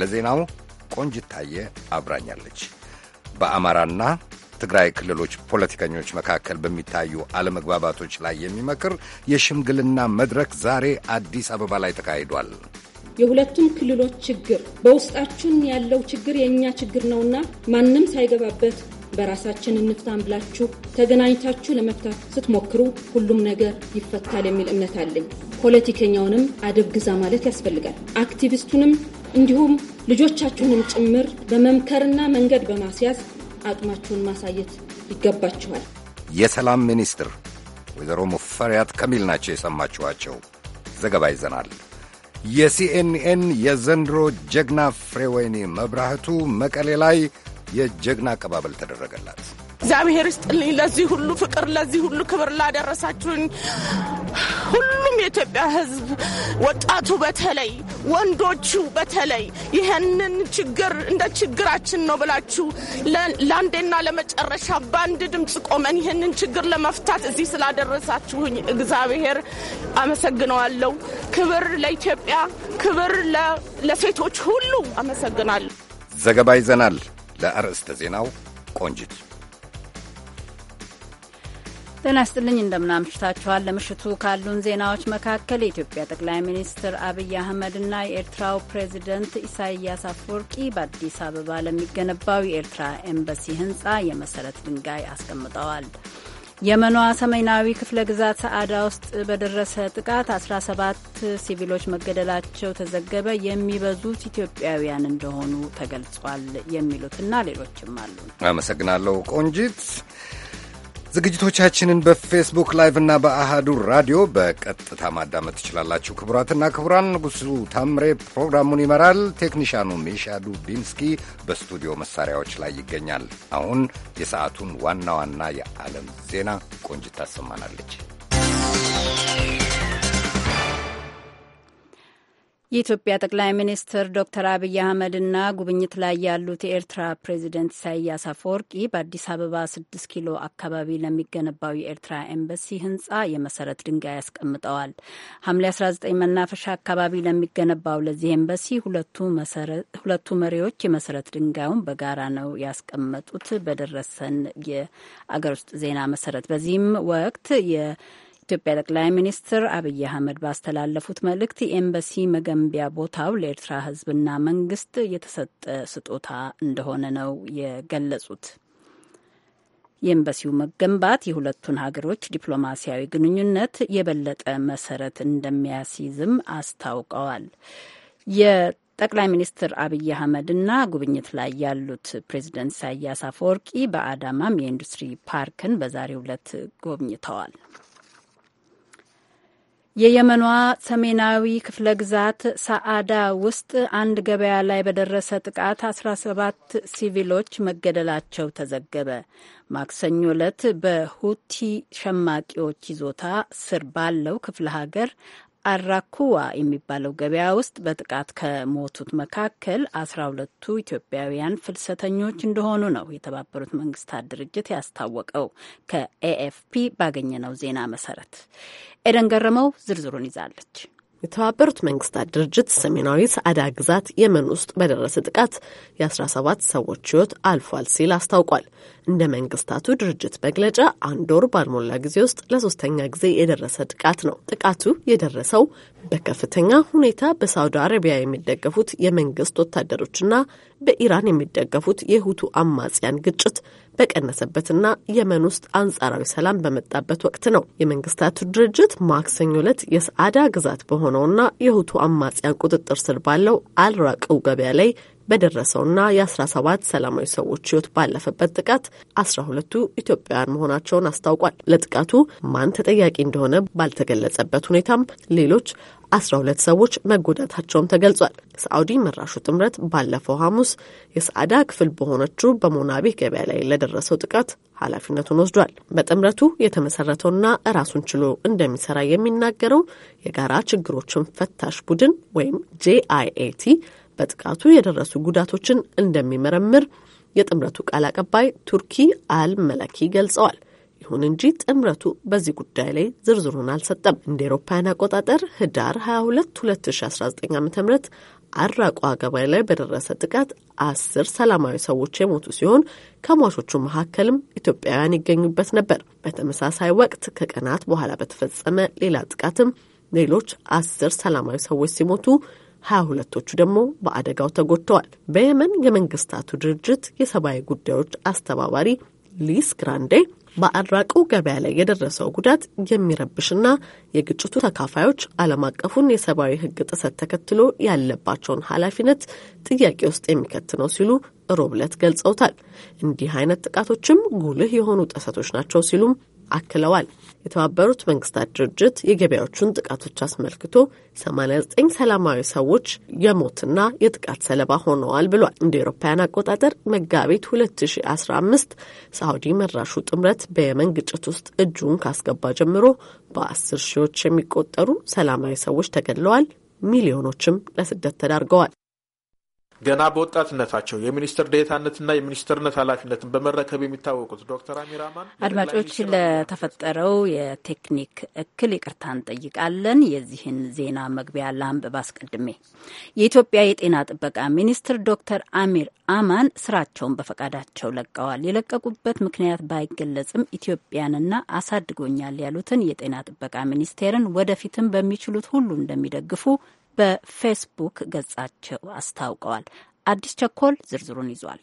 ለዜናው ቆንጅታየ አብራኛለች። በአማራና ትግራይ ክልሎች ፖለቲከኞች መካከል በሚታዩ አለመግባባቶች ላይ የሚመክር የሽምግልና መድረክ ዛሬ አዲስ አበባ ላይ ተካሂዷል። የሁለቱም ክልሎች ችግር በውስጣችን ያለው ችግር የእኛ ችግር ነውና ማንም ሳይገባበት በራሳችን እንፍታን ብላችሁ ተገናኝታችሁ ለመፍታት ስትሞክሩ ሁሉም ነገር ይፈታል የሚል እምነት አለኝ። ፖለቲከኛውንም አደብ ግዛ ማለት ያስፈልጋል። አክቲቪስቱንም እንዲሁም ልጆቻችሁንም ጭምር በመምከርና መንገድ በማስያዝ አቅማችሁን ማሳየት ይገባችኋል። የሰላም ሚኒስትር ወይዘሮ ሙፈሪያት ከሚል ናቸው የሰማችኋቸው። ዘገባ ይዘናል። የሲኤንኤን የዘንድሮ ጀግና ፍሬወይኒ መብራህቱ መቀሌ ላይ የጀግና አቀባበል ተደረገላት። እግዚአብሔር ይስጥልኝ። ለዚህ ሁሉ ፍቅር፣ ለዚህ ሁሉ ክብር ላደረሳችሁኝ ሁሉም የኢትዮጵያ ሕዝብ ወጣቱ፣ በተለይ ወንዶቹ፣ በተለይ ይህንን ችግር እንደ ችግራችን ነው ብላችሁ ለአንዴና ለመጨረሻ በአንድ ድምፅ ቆመን ይህንን ችግር ለመፍታት እዚህ ስላደረሳችሁኝ እግዚአብሔር አመሰግነዋለሁ። ክብር ለኢትዮጵያ፣ ክብር ለሴቶች ሁሉ አመሰግናለሁ። ዘገባ ይዘናል። ለአርዕስተ ዜናው ቆንጅት ጤና ይስጥልኝ እንደምናምሽታችኋል። ለምሽቱ ካሉን ዜናዎች መካከል የኢትዮጵያ ጠቅላይ ሚኒስትር አብይ አህመድና የኤርትራው ፕሬዚደንት ኢሳይያስ አፈወርቂ በአዲስ አበባ ለሚገነባው የኤርትራ ኤምባሲ ህንጻ የመሰረት ድንጋይ አስቀምጠዋል። የመኗ ሰሜናዊ ክፍለ ግዛት ሰአዳ ውስጥ በደረሰ ጥቃት 17 ሲቪሎች መገደላቸው ተዘገበ። የሚበዙት ኢትዮጵያውያን እንደሆኑ ተገልጿል። የሚሉትና ሌሎችም አሉ። አመሰግናለሁ ቆንጂት። ዝግጅቶቻችንን በፌስቡክ ላይቭ እና በአሃዱ ራዲዮ በቀጥታ ማዳመጥ ትችላላችሁ። ክቡራትና ክቡራን፣ ንጉሡ ታምሬ ፕሮግራሙን ይመራል። ቴክኒሻኑ ሚሻ ዱቢንስኪ በስቱዲዮ መሳሪያዎች ላይ ይገኛል። አሁን የሰዓቱን ዋና ዋና የዓለም ዜና ቆንጅት ታሰማናለች። የኢትዮጵያ ጠቅላይ ሚኒስትር ዶክተር አብይ አህመድና ጉብኝት ላይ ያሉት የኤርትራ ፕሬዚደንት ኢሳያስ አፈወርቂ በአዲስ አበባ ስድስት ኪሎ አካባቢ ለሚገነባው የኤርትራ ኤምባሲ ህንጻ የመሰረት ድንጋይ ያስቀምጠዋል። ሐምሌ 19 መናፈሻ አካባቢ ለሚገነባው ለዚህ ኤምባሲ ሁለቱ መሪዎች የመሰረት ድንጋዩን በጋራ ነው ያስቀመጡት። በደረሰን የአገር ውስጥ ዜና መሰረት በዚህም ወቅት ኢትዮጵያ ጠቅላይ ሚኒስትር አብይ አህመድ ባስተላለፉት መልእክት የኤምባሲ መገንቢያ ቦታው ለኤርትራ ሕዝብና መንግስት የተሰጠ ስጦታ እንደሆነ ነው የገለጹት። የኤምባሲው መገንባት የሁለቱን ሀገሮች ዲፕሎማሲያዊ ግንኙነት የበለጠ መሰረት እንደሚያስይዝም አስታውቀዋል። የጠቅላይ ሚኒስትር አብይ አህመድና ጉብኝት ላይ ያሉት ፕሬዚደንት ኢሳያስ አፈወርቂ በአዳማም የኢንዱስትሪ ፓርክን በዛሬው ዕለት ጎብኝተዋል። የየመኗ ሰሜናዊ ክፍለ ግዛት ሳአዳ ውስጥ አንድ ገበያ ላይ በደረሰ ጥቃት 17 ሲቪሎች መገደላቸው ተዘገበ። ማክሰኞ ዕለት በሁቲ ሸማቂዎች ይዞታ ስር ባለው ክፍለ ሀገር አራኩዋ የሚባለው ገበያ ውስጥ በጥቃት ከሞቱት መካከል አስራ ሁለቱ ኢትዮጵያውያን ፍልሰተኞች እንደሆኑ ነው የተባበሩት መንግስታት ድርጅት ያስታወቀው። ከኤኤፍፒ ባገኘነው ዜና መሰረት ኤደን ገረመው ዝርዝሩን ይዛለች። የተባበሩት መንግስታት ድርጅት ሰሜናዊ ሰአዳ ግዛት የመን ውስጥ በደረሰ ጥቃት የ17 ሰዎች ህይወት አልፏል ሲል አስታውቋል። እንደ መንግስታቱ ድርጅት መግለጫ አንድ ወር ባልሞላ ጊዜ ውስጥ ለሶስተኛ ጊዜ የደረሰ ጥቃት ነው። ጥቃቱ የደረሰው በከፍተኛ ሁኔታ በሳውዲ አረቢያ የሚደገፉት የመንግስት ወታደሮችና በኢራን የሚደገፉት የሁቱ አማጽያን ግጭት በቀነሰበትና የመን ውስጥ አንጻራዊ ሰላም በመጣበት ወቅት ነው። የመንግስታቱ ድርጅት ማክሰኞ ዕለት የሰአዳ ግዛት በሆነውና የሁቱ አማጽያን ቁጥጥር ስር ባለው አልራቀው ገበያ ላይ በደረሰውና የ17 ሰላማዊ ሰዎች ሕይወት ባለፈበት ጥቃት 12ቱ ኢትዮጵያውያን መሆናቸውን አስታውቋል። ለጥቃቱ ማን ተጠያቂ እንደሆነ ባልተገለጸበት ሁኔታም ሌሎች 12 ሰዎች መጎዳታቸውም ተገልጿል። ሳዑዲ መራሹ ጥምረት ባለፈው ሐሙስ የሰዓዳ ክፍል በሆነችው በሞናቤህ ገበያ ላይ ለደረሰው ጥቃት ኃላፊነቱን ወስዷል። በጥምረቱ የተመሰረተውና ራሱን ችሎ እንደሚሰራ የሚናገረው የጋራ ችግሮችን ፈታሽ ቡድን ወይም ጄአይኤቲ በጥቃቱ የደረሱ ጉዳቶችን እንደሚመረምር የጥምረቱ ቃል አቀባይ ቱርኪ አል መለኪ ገልጸዋል። ይሁን እንጂ ጥምረቱ በዚህ ጉዳይ ላይ ዝርዝሩን አልሰጠም። እንደ ኤሮፓውያን አቆጣጠር ህዳር 22 2019 ዓ ም አራቋ ገበያ ላይ በደረሰ ጥቃት አስር ሰላማዊ ሰዎች የሞቱ ሲሆን ከሟቾቹ መካከልም ኢትዮጵያውያን ይገኙበት ነበር። በተመሳሳይ ወቅት ከቀናት በኋላ በተፈጸመ ሌላ ጥቃትም ሌሎች አስር ሰላማዊ ሰዎች ሲሞቱ ሀያ ሁለቶቹ ደግሞ በአደጋው ተጎድተዋል። በየመን የመንግስታቱ ድርጅት የሰብአዊ ጉዳዮች አስተባባሪ ሊስ ግራንዴ በአድራቀው ገበያ ላይ የደረሰው ጉዳት የሚረብሽና የግጭቱ ተካፋዮች ዓለም አቀፉን የሰብአዊ ሕግ ጥሰት ተከትሎ ያለባቸውን ኃላፊነት ጥያቄ ውስጥ የሚከት ነው ሲሉ ሮብ ዕለት ገልጸውታል። እንዲህ አይነት ጥቃቶችም ጉልህ የሆኑ ጥሰቶች ናቸው ሲሉም አክለዋል። የተባበሩት መንግስታት ድርጅት የገበያዎቹን ጥቃቶች አስመልክቶ 89 ሰላማዊ ሰዎች የሞትና የጥቃት ሰለባ ሆነዋል ብሏል። እንደ ኤሮፓውያን አቆጣጠር መጋቢት 2015 ሳውዲ መራሹ ጥምረት በየመን ግጭት ውስጥ እጁን ካስገባ ጀምሮ በአስር ሺዎች የሚቆጠሩ ሰላማዊ ሰዎች ተገድለዋል፣ ሚሊዮኖችም ለስደት ተዳርገዋል። ገና በወጣትነታቸው የሚኒስትር ዴታነትና የሚኒስትርነት ኃላፊነትን በመረከብ የሚታወቁት ዶክተር አሚር አማን አድማጮች ለተፈጠረው የቴክኒክ እክል ይቅርታ እንጠይቃለን። የዚህን ዜና መግቢያ ለአንብብ አስቀድሜ የኢትዮጵያ የጤና ጥበቃ ሚኒስትር ዶክተር አሚር አማን ስራቸውን በፈቃዳቸው ለቀዋል። የለቀቁበት ምክንያት ባይገለጽም ኢትዮጵያንና አሳድጎኛል ያሉትን የጤና ጥበቃ ሚኒስቴርን ወደፊትም በሚችሉት ሁሉ እንደሚደግፉ በፌስቡክ ገጻቸው አስታውቀዋል። አዲስ ቸኮል ዝርዝሩን ይዟል።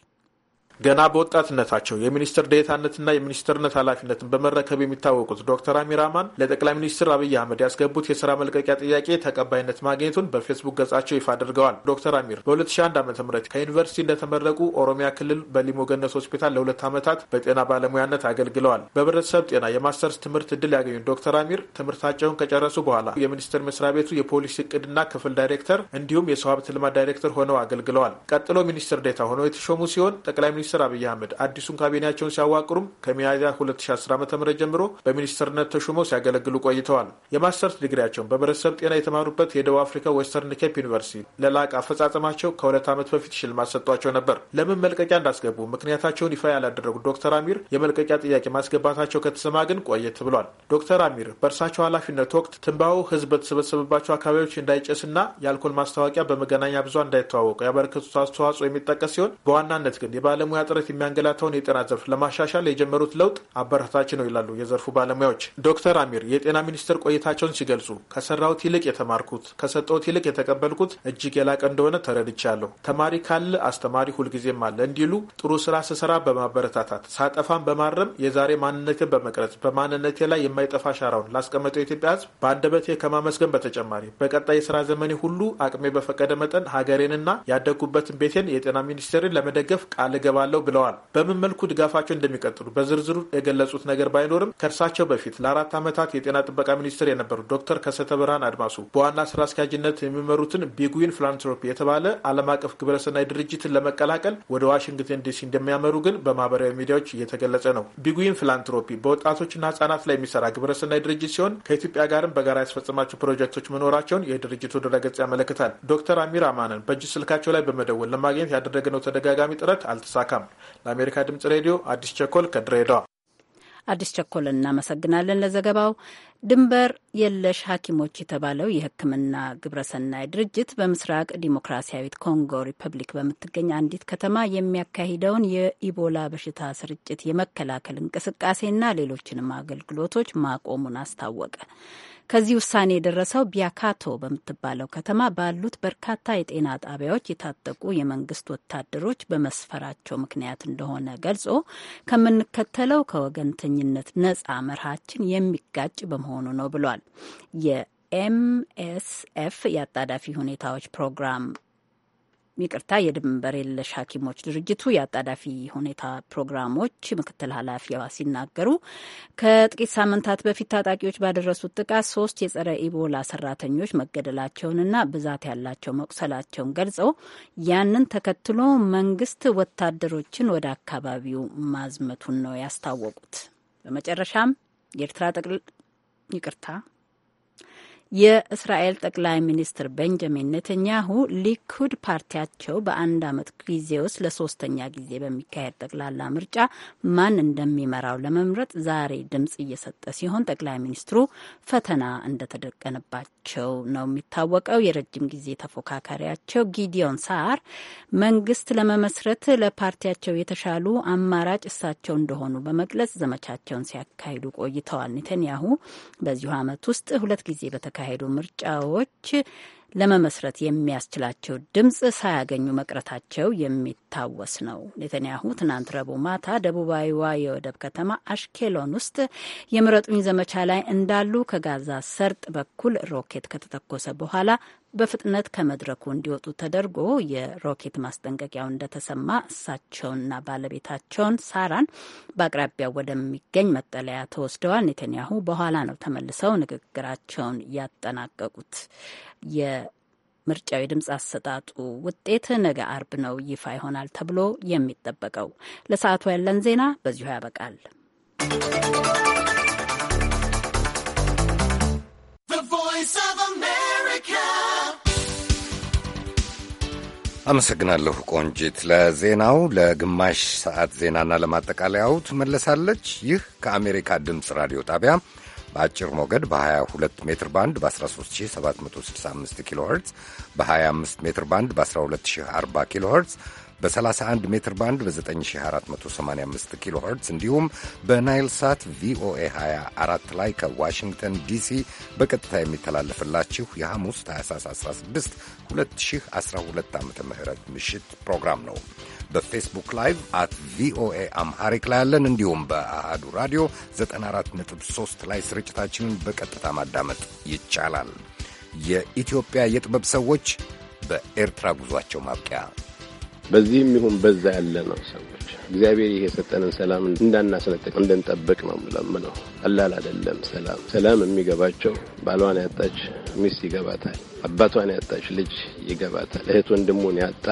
ገና በወጣትነታቸው የሚኒስትር ዴታነትና የሚኒስትርነት ኃላፊነትን በመረከብ የሚታወቁት ዶክተር አሚር አማን ለጠቅላይ ሚኒስትር አብይ አህመድ ያስገቡት የስራ መልቀቂያ ጥያቄ ተቀባይነት ማግኘቱን በፌስቡክ ገጻቸው ይፋ አድርገዋል። ዶክተር አሚር በ2001 ዓ ም ከዩኒቨርሲቲ እንደተመረቁ ኦሮሚያ ክልል በሊሞገነስ ሆስፒታል ለሁለት ዓመታት በጤና ባለሙያነት አገልግለዋል። በህብረተሰብ ጤና የማስተርስ ትምህርት እድል ያገኙት ዶክተር አሚር ትምህርታቸውን ከጨረሱ በኋላ የሚኒስቴር መስሪያ ቤቱ የፖሊሲ እቅድና ክፍል ዳይሬክተር እንዲሁም የሰው ሀብት ልማት ዳይሬክተር ሆነው አገልግለዋል። ቀጥሎ ሚኒስትር ዴታ ሆነው የተሾሙ ሲሆን ጠቅላይ ሚኒስትር ሚኒስትር አብይ አህመድ አዲሱን ካቢኔያቸውን ሲያዋቅሩም ከሚያዝያ 2010 ዓ ም ጀምሮ በሚኒስትርነት ተሹመው ሲያገለግሉ ቆይተዋል። የማስተርስ ዲግሪያቸውን በህብረተሰብ ጤና የተማሩበት የደቡብ አፍሪካ ዌስተርን ኬፕ ዩኒቨርሲቲ ለላቅ አፈጻጸማቸው ከሁለት ዓመት በፊት ሽልማት ሰጥቷቸው ነበር። ለምን መልቀቂያ እንዳስገቡ ምክንያታቸውን ይፋ ያላደረጉት ዶክተር አሚር የመልቀቂያ ጥያቄ ማስገባታቸው ከተሰማ ግን ቆየት ብሏል። ዶክተር አሚር በእርሳቸው ኃላፊነት ወቅት ትንባሁ ህዝብ በተሰበሰበባቸው አካባቢዎች እንዳይጨስና የአልኮል ማስታወቂያ በመገናኛ ብዙሃን እንዳይተዋወቁ ያበረከቱት አስተዋጽኦ የሚጠቀስ ሲሆን በዋናነት ግን የባለሙያ ባለሙያ ጥረት የሚያንገላታውን የጤና ዘርፍ ለማሻሻል የጀመሩት ለውጥ አበረታች ነው ይላሉ የዘርፉ ባለሙያዎች። ዶክተር አሚር የጤና ሚኒስትር ቆይታቸውን ሲገልጹ ከሰራሁት ይልቅ የተማርኩት፣ ከሰጠሁት ይልቅ የተቀበልኩት እጅግ የላቀ እንደሆነ ተረድቻለሁ። ተማሪ ካለ አስተማሪ ሁልጊዜም አለ እንዲሉ ጥሩ ስራ ስሰራ በማበረታታት ሳጠፋን በማረም የዛሬ ማንነትን በመቅረጽ በማንነቴ ላይ የማይጠፋ አሻራውን ላስቀመጠው የኢትዮጵያ ሕዝብ በአንደበቴ ከማመስገን በተጨማሪ በቀጣይ የስራ ዘመኔ ሁሉ አቅሜ በፈቀደ መጠን ሀገሬንና ያደጉበትን ቤቴን የጤና ሚኒስቴርን ለመደገፍ ቃል ገባ አቀርባለሁ ብለዋል። በምን መልኩ ድጋፋቸው እንደሚቀጥሉ በዝርዝሩ የገለጹት ነገር ባይኖርም ከእርሳቸው በፊት ለአራት ዓመታት የጤና ጥበቃ ሚኒስትር የነበሩት ዶክተር ከሰተ ብርሃን አድማሱ በዋና ስራ አስኪያጅነት የሚመሩትን ቢጉዊን ፊላንትሮፒ የተባለ ዓለም አቀፍ ግብረሰናይ ድርጅትን ለመቀላቀል ወደ ዋሽንግተን ዲሲ እንደሚያመሩ ግን በማህበራዊ ሚዲያዎች እየተገለጸ ነው። ቢጉዊን ፊላንትሮፒ በወጣቶችና ህጻናት ላይ የሚሰራ ግብረሰናይ ድርጅት ሲሆን ከኢትዮጵያ ጋርም በጋራ ያስፈጸማቸው ፕሮጀክቶች መኖራቸውን የድርጅቱ ድረገጽ ያመለክታል። ዶክተር አሚር አማንን በእጅ ስልካቸው ላይ በመደወል ለማግኘት ያደረግነው ተደጋጋሚ ጥረት አልተሳካ ካምፕ። ለአሜሪካ ድምጽ ሬዲዮ አዲስ ቸኮል ከድሬዳዋ። አዲስ ቸኮል እናመሰግናለን ለዘገባው። ድንበር የለሽ ሐኪሞች የተባለው የሕክምና ግብረሰናይ ድርጅት በምስራቅ ዲሞክራሲያዊት ኮንጎ ሪፐብሊክ በምትገኝ አንዲት ከተማ የሚያካሂደውን የኢቦላ በሽታ ስርጭት የመከላከል እንቅስቃሴና ሌሎችንም አገልግሎቶች ማቆሙን አስታወቀ። ከዚህ ውሳኔ የደረሰው ቢያካቶ በምትባለው ከተማ ባሉት በርካታ የጤና ጣቢያዎች የታጠቁ የመንግስት ወታደሮች በመስፈራቸው ምክንያት እንደሆነ ገልጾ ከምንከተለው ከወገንተኝነት ነጻ መርሃችን የሚጋጭ በመሆኑ ነው ብሏል። የኤምኤስኤፍ የአጣዳፊ ሁኔታዎች ፕሮግራም ይቅርታ፣ የድንበር የለሽ ሐኪሞች ድርጅቱ የአጣዳፊ ሁኔታ ፕሮግራሞች ምክትል ኃላፊዋ ሲናገሩ ከጥቂት ሳምንታት በፊት ታጣቂዎች ባደረሱት ጥቃት ሶስት የጸረ ኢቦላ ሰራተኞች መገደላቸውንና ብዛት ያላቸው መቁሰላቸውን ገልጸው ያንን ተከትሎ መንግስት ወታደሮችን ወደ አካባቢው ማዝመቱን ነው ያስታወቁት። በመጨረሻም የኤርትራ ጠቅል ይቅርታ የእስራኤል ጠቅላይ ሚኒስትር ቤንጃሚን ኔተንያሁ ሊኩድ ፓርቲያቸው በአንድ አመት ጊዜ ውስጥ ለሶስተኛ ጊዜ በሚካሄድ ጠቅላላ ምርጫ ማን እንደሚመራው ለመምረጥ ዛሬ ድምጽ እየሰጠ ሲሆን ጠቅላይ ሚኒስትሩ ፈተና እንደተደቀነባቸው ነው የሚታወቀው። የረጅም ጊዜ ተፎካካሪያቸው ጊዲዮን ሳር መንግስት ለመመስረት ለፓርቲያቸው የተሻሉ አማራጭ እሳቸው እንደሆኑ በመግለጽ ዘመቻቸውን ሲያካሂዱ ቆይተዋል። ኔተንያሁ በዚሁ አመት ውስጥ ሁለት ጊዜ በተካ የተካሄዱ ምርጫዎች ለመመስረት የሚያስችላቸው ድምፅ ሳያገኙ መቅረታቸው የሚታወስ ነው። ኔተንያሁ ትናንት ረቡዕ ማታ ደቡባዊዋ የወደብ ከተማ አሽኬሎን ውስጥ የምረጡኝ ዘመቻ ላይ እንዳሉ ከጋዛ ሰርጥ በኩል ሮኬት ከተተኮሰ በኋላ በፍጥነት ከመድረኩ እንዲወጡ ተደርጎ የሮኬት ማስጠንቀቂያው እንደተሰማ እሳቸውና ባለቤታቸውን ሳራን በአቅራቢያው ወደሚገኝ መጠለያ ተወስደዋል። ኔተንያሁ በኋላ ነው ተመልሰው ንግግራቸውን ያጠናቀቁት። ምርጫዊ ድምፅ አሰጣጡ ውጤት ነገ አርብ ነው ይፋ ይሆናል ተብሎ የሚጠበቀው። ለሰዓቱ ያለን ዜና በዚሁ ያበቃል። አመሰግናለሁ ቆንጂት ለዜናው። ለግማሽ ሰዓት ዜናና ለማጠቃለያው ትመለሳለች። ይህ ከአሜሪካ ድምፅ ራዲዮ ጣቢያ በአጭር ሞገድ በ22 ሜትር ባንድ በ13765 ኪሎ ኸርትዝ በ25 ሜትር ባንድ በ1240 ኪሎ ኸርትዝ በ31 ሜትር ባንድ በ9485 ኪሎ ኸርትዝ እንዲሁም በናይል ሳት ቪኦኤ 24 ላይ ከዋሽንግተን ዲሲ በቀጥታ የሚተላለፍላችሁ የሐሙስ 26 2012 ዓ ም ምሽት ፕሮግራም ነው። በፌስቡክ ላይቭ አት ቪኦኤ አምሃሪክ ላይ ያለን እንዲሁም በአሃዱ ራዲዮ 94.3 ላይ ስርጭታችንን በቀጥታ ማዳመጥ ይቻላል። የኢትዮጵያ የጥበብ ሰዎች በኤርትራ ጉዟቸው ማብቂያ በዚህም ይሁን በዛ ያለ ነው ሰዎች እግዚአብሔር ይህ የሰጠንን ሰላም እንዳናስነጥቅ እንድንጠብቅ ነው ለምነው ቀላል አደለም ሰላም ሰላም የሚገባቸው ባሏን ያጣች ሚስት ይገባታል። አባቷን ያጣች ልጅ ይገባታል። እህት ወንድሙን ያጣ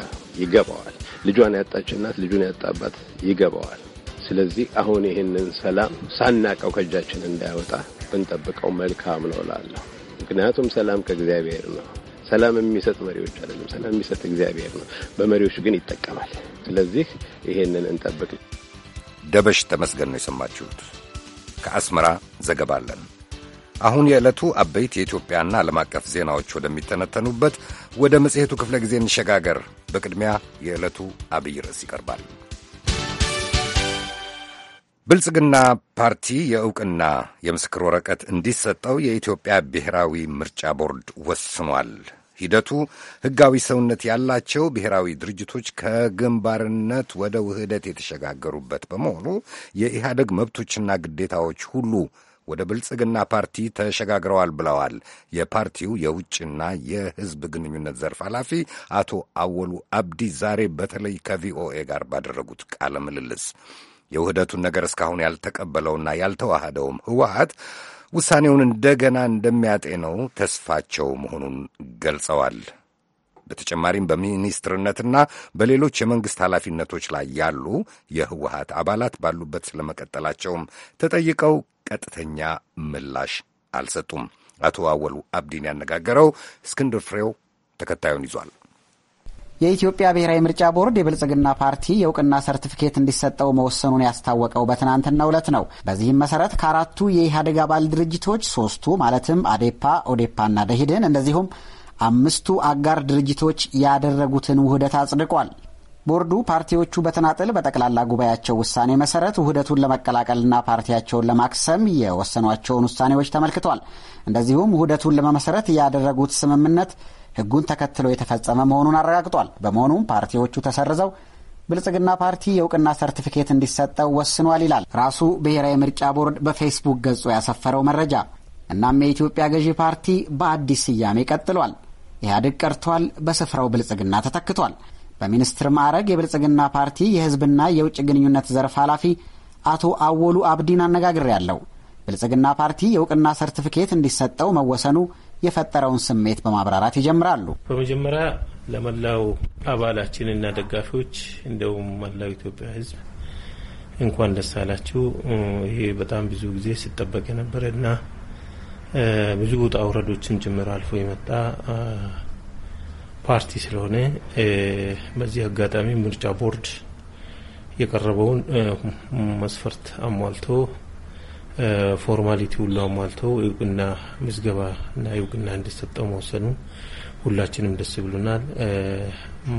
ይገባዋል። ልጇን ያጣች እናት ልጁን ያጣ አባት ይገባዋል። ስለዚህ አሁን ይህንን ሰላም ሳናቀው ከእጃችን እንዳይወጣ ብንጠብቀው መልካም ነው ላለሁ ምክንያቱም ሰላም ከእግዚአብሔር ነው። ሰላም የሚሰጥ መሪዎች አይደለም። ሰላም የሚሰጥ እግዚአብሔር ነው። በመሪዎች ግን ይጠቀማል። ስለዚህ ይሄንን እንጠብቅ። ደበሽ ተመስገን ነው የሰማችሁት። ከአስመራ ዘገባ አለን። አሁን የዕለቱ አበይት የኢትዮጵያና ዓለም አቀፍ ዜናዎች ወደሚተነተኑበት ወደ መጽሔቱ ክፍለ ጊዜ እንሸጋገር። በቅድሚያ የዕለቱ አብይ ርዕስ ይቀርባል። ብልጽግና ፓርቲ የእውቅና የምስክር ወረቀት እንዲሰጠው የኢትዮጵያ ብሔራዊ ምርጫ ቦርድ ወስኗል። ሂደቱ ሕጋዊ ሰውነት ያላቸው ብሔራዊ ድርጅቶች ከግንባርነት ወደ ውህደት የተሸጋገሩበት በመሆኑ የኢህአደግ መብቶችና ግዴታዎች ሁሉ ወደ ብልጽግና ፓርቲ ተሸጋግረዋል ብለዋል የፓርቲው የውጭና የሕዝብ ግንኙነት ዘርፍ ኃላፊ አቶ አወሉ አብዲ ዛሬ በተለይ ከቪኦኤ ጋር ባደረጉት ቃለ ምልልስ። የውህደቱን ነገር እስካሁን ያልተቀበለውና ያልተዋሃደውም ህወሀት ውሳኔውን እንደገና እንደሚያጤነው ተስፋቸው መሆኑን ገልጸዋል። በተጨማሪም በሚኒስትርነትና በሌሎች የመንግሥት ኃላፊነቶች ላይ ያሉ የህወሀት አባላት ባሉበት ስለመቀጠላቸውም ተጠይቀው ቀጥተኛ ምላሽ አልሰጡም። አቶ አወሉ አብዲን ያነጋገረው እስክንድር ፍሬው ተከታዩን ይዟል። የኢትዮጵያ ብሔራዊ ምርጫ ቦርድ የብልጽግና ፓርቲ የእውቅና ሰርቲፊኬት እንዲሰጠው መወሰኑን ያስታወቀው በትናንትናው ዕለት ነው። በዚህም መሰረት ከአራቱ የኢህአዴግ አባል ድርጅቶች ሶስቱ ማለትም አዴፓ፣ ኦዴፓና ደሂድን እንደዚሁም አምስቱ አጋር ድርጅቶች ያደረጉትን ውህደት አጽድቋል። ቦርዱ ፓርቲዎቹ በተናጥል በጠቅላላ ጉባኤያቸው ውሳኔ መሰረት ውህደቱን ለመቀላቀልና ፓርቲያቸውን ለማክሰም የወሰኗቸውን ውሳኔዎች ተመልክቷል። እንደዚሁም ውህደቱን ለመመሰረት ያደረጉት ስምምነት ህጉን ተከትሎ የተፈጸመ መሆኑን አረጋግጧል። በመሆኑም ፓርቲዎቹ ተሰርዘው ብልጽግና ፓርቲ የእውቅና ሰርቲፊኬት እንዲሰጠው ወስኗል ይላል ራሱ ብሔራዊ ምርጫ ቦርድ በፌስቡክ ገጹ ያሰፈረው መረጃ። እናም የኢትዮጵያ ገዢ ፓርቲ በአዲስ ስያሜ ቀጥሏል። ኢህአዴግ ቀርቷል፣ በስፍራው ብልጽግና ተተክቷል። በሚኒስትር ማዕረግ የብልጽግና ፓርቲ የህዝብና የውጭ ግንኙነት ዘርፍ ኃላፊ አቶ አወሉ አብዲን አነጋግሬ ያለው ብልጽግና ፓርቲ የእውቅና ሰርቲፊኬት እንዲሰጠው መወሰኑ የፈጠረውን ስሜት በማብራራት ይጀምራሉ። በመጀመሪያ ለመላው አባላችንና ደጋፊዎች እንደውም መላው ኢትዮጵያ ሕዝብ እንኳን ደስ አላችሁ። ይሄ በጣም ብዙ ጊዜ ሲጠበቅ የነበረና ብዙ ውጣ ውረዶችን ጭምር አልፎ የመጣ ፓርቲ ስለሆነ በዚህ አጋጣሚ ምርጫ ቦርድ የቀረበውን መስፈርት አሟልቶ ፎርማሊቲውን ላሟልተው እውቅና ምዝገባና እውቅና እንዲሰጠው መወሰኑ ሁላችንም ደስ ብሎናል።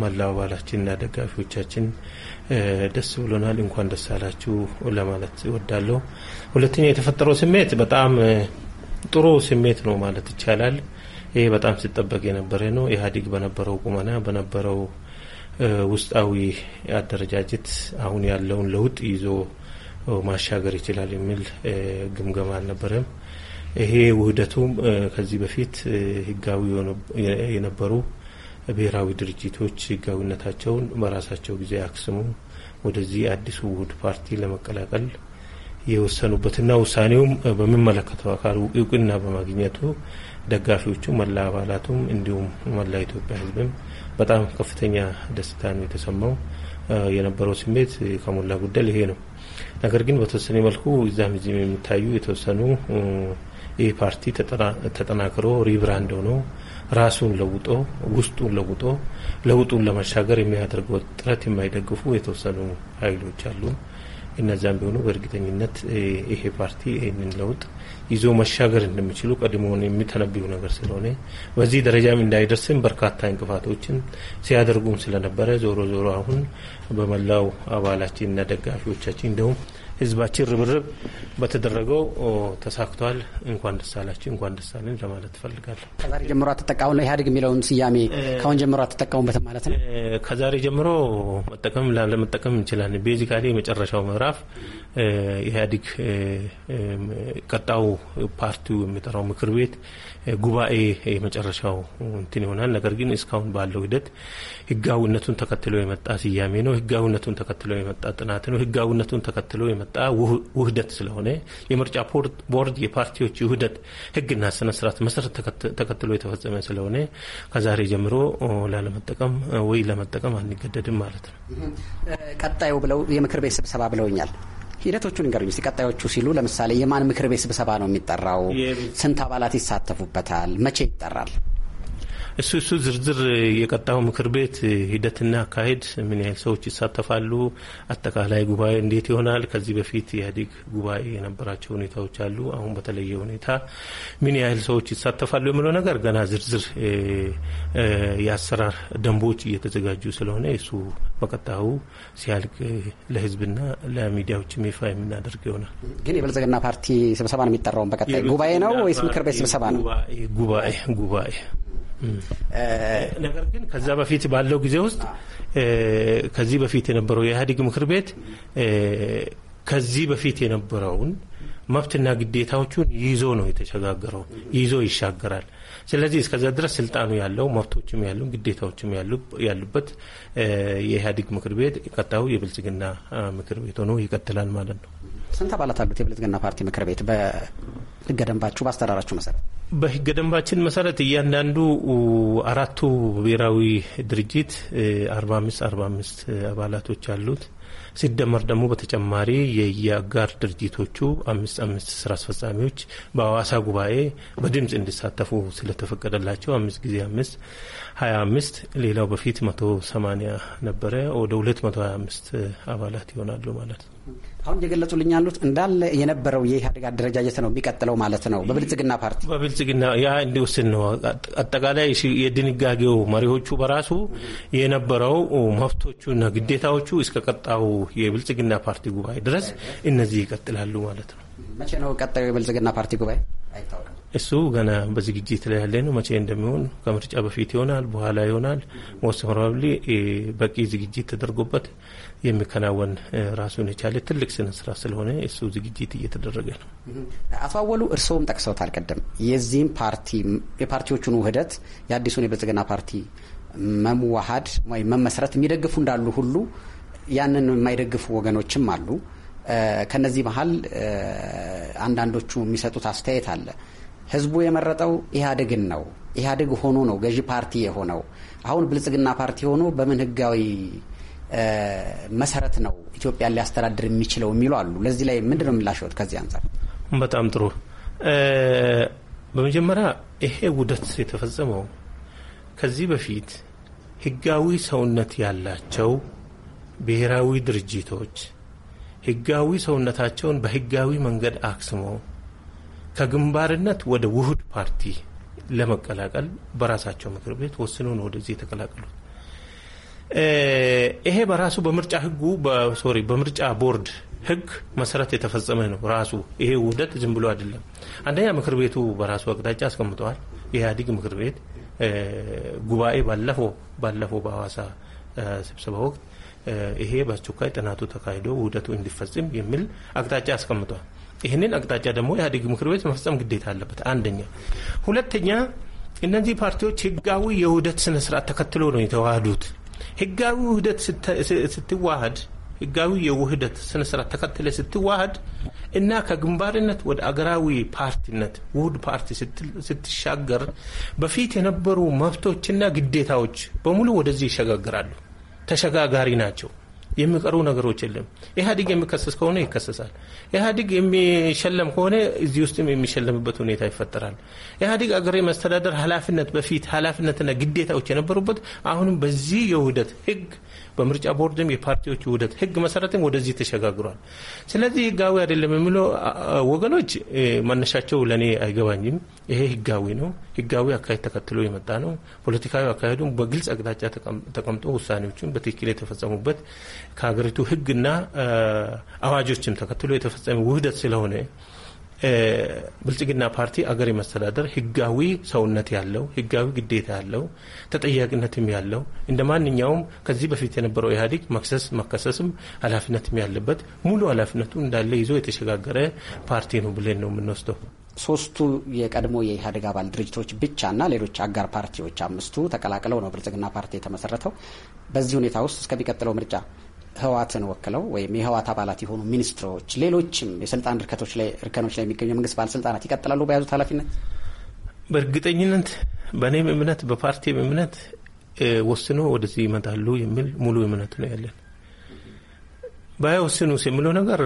መላ አባላችንና ደጋፊዎቻችን ደስ ብሎናል። እንኳን ደስ አላችሁ ለማለት እወዳለሁ። ሁለተኛ የተፈጠረው ስሜት በጣም ጥሩ ስሜት ነው ማለት ይቻላል። ይሄ በጣም ሲጠበቅ የነበረ ነው። ኢህአዴግ በነበረው ቁመና በነበረው ውስጣዊ አደረጃጀት አሁን ያለውን ለውጥ ይዞ ማሻገር ይችላል የሚል ግምገማ አልነበረም። ይሄ ውህደቱም ከዚህ በፊት ህጋዊ የነበሩ ብሔራዊ ድርጅቶች ህጋዊነታቸውን በራሳቸው ጊዜ አክስሙ ወደዚህ አዲሱ ውህድ ፓርቲ ለመቀላቀል የወሰኑበትና ውሳኔውም በሚመለከተው አካል እውቅና በማግኘቱ ደጋፊዎቹ፣ መላ አባላቱም እንዲሁም መላ ኢትዮጵያ ህዝብም በጣም ከፍተኛ ደስታ ነው የተሰማው። የነበረው ስሜት ከሞላ ጎደል ይሄ ነው። ነገር ግን በተወሰነ መልኩ እዛም እዚህም የሚታዩ የተወሰኑ ይህ ፓርቲ ተጠናክሮ ሪብራንድ ሆኖ ራሱን ለውጦ ውስጡን ለውጦ ለውጡን ለመሻገር የሚያደርገው ጥረት የማይደግፉ የተወሰኑ ኃይሎች አሉ። እነዚያም ቢሆኑ በእርግጠኝነት ይሄ ፓርቲ ይህንን ለውጥ ይዞ መሻገር እንደሚችሉ ቀድሞውን የሚተነብዩ ነገር ስለሆነ በዚህ ደረጃም እንዳይደርስም በርካታ እንቅፋቶችን ሲያደርጉም ስለነበረ ዞሮ ዞሮ አሁን በመላው አባላችን አባላችንና ደጋፊዎቻችን እንዲሁም ህዝባችን ርብርብ በተደረገው ተሳክቷል። እንኳን ደስ አላችሁ፣ እንኳን ደስ አለን ለማለት እፈልጋለሁ። ከዛሬ ጀምሮ አትጠቀሙ ነው ኢህአዴግ የሚለውን ስያሜ ካሁን ጀምሮ አትጠቀሙበትም ማለት ነው። ከዛሬ ጀምሮ መጠቀም ለመጠቀም እንችላለን። ቤዚካሊ የመጨረሻው ምዕራፍ ኢህአዴግ ቀጣው ፓርቲው የሚጠራው ምክር ቤት ጉባኤ የመጨረሻው እንትን ይሆናል። ነገር ግን እስካሁን ባለው ሂደት ህጋዊነቱን ተከትሎ የመጣ ስያሜ ነው። ህጋዊነቱን ተከትሎ የመጣ ጥናት ነው። ህጋዊነቱን ተከትሎ የመጣ ውህደት ስለሆነ የምርጫ ቦርድ የፓርቲዎች ውህደት ህግና ስነ ስርዓት መሰረት ተከትሎ የተፈጸመ ስለሆነ ከዛሬ ጀምሮ ላለመጠቀም ወይ ለመጠቀም አንገደድም ማለት ነው። ቀጣዩ ብለው የምክር ቤት ስብሰባ ብለውኛል። ሂደቶቹን ንገሩኝ እስኪ። ቀጣዮቹ ሲሉ ለምሳሌ የማን ምክር ቤት ስብሰባ ነው የሚጠራው? ስንት አባላት ይሳተፉበታል? መቼ ይጠራል? እሱ እሱ ዝርዝር የቀጣው ምክር ቤት ሂደትና አካሄድ ምን ያህል ሰዎች ይሳተፋሉ፣ አጠቃላይ ጉባኤ እንዴት ይሆናል? ከዚህ በፊት ኢህአዴግ ጉባኤ የነበራቸው ሁኔታዎች አሉ። አሁን በተለየ ሁኔታ ምን ያህል ሰዎች ይሳተፋሉ የሚለው ነገር ገና ዝርዝር የአሰራር ደንቦች እየተዘጋጁ ስለሆነ እሱ በቀጣዩ ሲያልቅ ለህዝብና ለሚዲያዎች ይፋ የምናደርግ ይሆናል። ግን የብልጽግና ፓርቲ ስብሰባ ነው የሚጠራውን በቀጣይ ጉባኤ ነው ወይስ ምክር ቤት ስብሰባ ነው? ጉባኤ ጉባኤ ነገር ግን ከዛ በፊት ባለው ጊዜ ውስጥ ከዚህ በፊት የነበረው የኢህአዴግ ምክር ቤት ከዚህ በፊት የነበረውን መብትና ግዴታዎቹን ይዞ ነው የተሸጋገረው። ይዞ ይሻገራል። ስለዚህ እስከዛ ድረስ ስልጣኑ ያለው መብቶችም ያሉ ግዴታዎችም ያሉበት የኢህአዴግ ምክር ቤት ቀጣዩ የብልጽግና ምክር ቤት ሆኖ ይቀጥላል ማለት ነው። ስንት አባላት አሉት የብልጽግና ፓርቲ ምክር ቤት? በህገ ደንባችሁ መሰረት በህገ ደንባችን መሰረት እያንዳንዱ አራቱ ብሔራዊ ድርጅት አርባ አምስት አርባ አምስት አባላቶች አሉት። ሲደመር ደግሞ በተጨማሪ የየአጋር ድርጅቶቹ አምስት አምስት ስራ አስፈጻሚዎች በአዋሳ ጉባኤ በድምፅ እንዲሳተፉ ስለተፈቀደላቸው አምስት ጊዜ አምስት ሀያ አምስት ሌላው በፊት መቶ ሰማኒያ ነበረ ወደ ሁለት መቶ ሀያ አምስት አባላት ይሆናሉ ማለት ነው። አሁን እየገለጹልኝ ያሉት እንዳለ የነበረው የኢህአዴግ አደረጃጀት ነው የሚቀጥለው ማለት ነው። በብልጽግና ፓርቲ በብልጽግና ያ እንዲወስን ነው። አጠቃላይ የድንጋጌው መሪዎቹ በራሱ የነበረው መብቶቹና ግዴታዎቹ እስከ ቀጣው የብልጽግና ፓርቲ ጉባኤ ድረስ እነዚህ ይቀጥላሉ ማለት ነው። መቼ ነው ቀጣዩ የብልጽግና ፓርቲ ጉባኤ? አይታወቅም። እሱ ገና በዝግጅት ላይ ያለ ነው። መቼ እንደሚሆን ከምርጫ በፊት ይሆናል፣ በኋላ ይሆናል። ሞስት ፕሮባብሊ በቂ ዝግጅት ተደርጎበት የሚከናወን ራሱን የቻለ ትልቅ ስነ ስራ ስለሆነ እሱ ዝግጅት እየተደረገ ነው። አቶ አወሉ እርስዎም ጠቅሰውታል ቀደም የዚህም ፓርቲ የፓርቲዎቹን ውህደት የአዲሱን የብልጽግና ፓርቲ መዋሀድ ወይም መመስረት የሚደግፉ እንዳሉ ሁሉ ያንን የማይደግፉ ወገኖችም አሉ። ከነዚህ መሀል አንዳንዶቹ የሚሰጡት አስተያየት አለ። ህዝቡ የመረጠው ኢህአዴግን ነው። ኢህአዴግ ሆኖ ነው ገዢ ፓርቲ የሆነው። አሁን ብልጽግና ፓርቲ ሆኖ በምን ህጋዊ መሰረት ነው ኢትዮጵያን ሊያስተዳድር የሚችለው የሚሉ አሉ። ለዚህ ላይ ምንድነው ነው የምላሸወት? ከዚህ አንጻር በጣም ጥሩ። በመጀመሪያ ይሄ ውደት የተፈጸመው ከዚህ በፊት ህጋዊ ሰውነት ያላቸው ብሔራዊ ድርጅቶች ህጋዊ ሰውነታቸውን በህጋዊ መንገድ አክስመው ከግንባርነት ወደ ውህድ ፓርቲ ለመቀላቀል በራሳቸው ምክር ቤት ወስነው ነው ወደዚህ የተቀላቀሉት። ይሄ በራሱ በምርጫ ህጉ ሶሪ በምርጫ ቦርድ ህግ መሰረት የተፈጸመ ነው። ራሱ ይሄ ውህደት ዝም ብሎ አይደለም። አንደኛ ምክር ቤቱ በራሱ አቅጣጫ አስቀምጠዋል። የኢህአዴግ ምክር ቤት ጉባኤ ባለፈው ባለፈው በሐዋሳ ስብሰባ ወቅት ይሄ በአስቸኳይ ጥናቱ ተካሂዶ ውህደቱ እንዲፈጽም የሚል አቅጣጫ አስቀምጧል። ይህንን አቅጣጫ ደግሞ ኢህአዴግ ምክር ቤት መፈጸም ግዴታ አለበት። አንደኛ። ሁለተኛ እነዚህ ፓርቲዎች ህጋዊ የውህደት ስነስርዓት ተከትሎ ነው የተዋህዱት። ህጋዊ ውህደት ስትዋህድ ህጋዊ የውህደት ስነስርዓት ተከትለ ስትዋህድ እና ከግንባርነት ወደ አገራዊ ፓርቲነት ውህድ ፓርቲ ስትሻገር በፊት የነበሩ መብቶችና ግዴታዎች በሙሉ ወደዚህ ይሸጋግራሉ። ተሸጋጋሪ ናቸው። የሚቀሩ ነገሮች የለም። ኢህአዴግ የሚከሰስ ከሆነ ይከሰሳል። ኢህአዴግ የሚሸለም ከሆነ እዚህ ውስጥም የሚሸለምበት ሁኔታ ይፈጠራል። ኢህአዴግ አገሬ መስተዳደር ኃላፊነት በፊት ኃላፊነትና ግዴታዎች የነበሩበት አሁንም በዚህ የውህደት ህግ በምርጫ ቦርድም የፓርቲዎች ውህደት ህግ መሰረትም ወደዚህ ተሸጋግሯል። ስለዚህ ህጋዊ አይደለም የሚለው ወገኖች መነሻቸው ለእኔ አይገባኝም። ይሄ ህጋዊ ነው። ህጋዊ አካሄድ ተከትሎ የመጣ ነው። ፖለቲካዊ አካሄዱም በግልጽ አቅጣጫ ተቀምጦ ውሳኔዎችም በትክክል የተፈጸሙበት ከሀገሪቱ ህግና አዋጆችም ተከትሎ የተፈጸመ ውህደት ስለሆነ ብልጽግና ፓርቲ አገር የመስተዳደር ህጋዊ ሰውነት ያለው ህጋዊ ግዴታ ያለው ተጠያቂነትም ያለው እንደ ማንኛውም ከዚህ በፊት የነበረው ኢህአዴግ መክሰስ መከሰስም ኃላፊነትም ያለበት ሙሉ ኃላፊነቱ እንዳለ ይዞ የተሸጋገረ ፓርቲ ነው ብለን ነው የምንወስደው። ሶስቱ የቀድሞ የኢህአዴግ አባል ድርጅቶች ብቻና ሌሎች አጋር ፓርቲዎች አምስቱ ተቀላቅለው ነው ብልጽግና ፓርቲ የተመሰረተው። በዚህ ሁኔታ ውስጥ እስከሚቀጥለው ምርጫ ህዋትን ወክለው ወይም የህዋት አባላት የሆኑ ሚኒስትሮች፣ ሌሎችም የስልጣን እርከቶች ላይ እርከኖች ላይ የሚገኙ የመንግስት ባለስልጣናት ይቀጥላሉ በያዙት ኃላፊነት በእርግጠኝነት በእኔም እምነት በፓርቲም እምነት ወስኖ ወደዚህ ይመጣሉ የሚል ሙሉ እምነት ነው ያለን። ባይወስኑስ የሚለው ነገር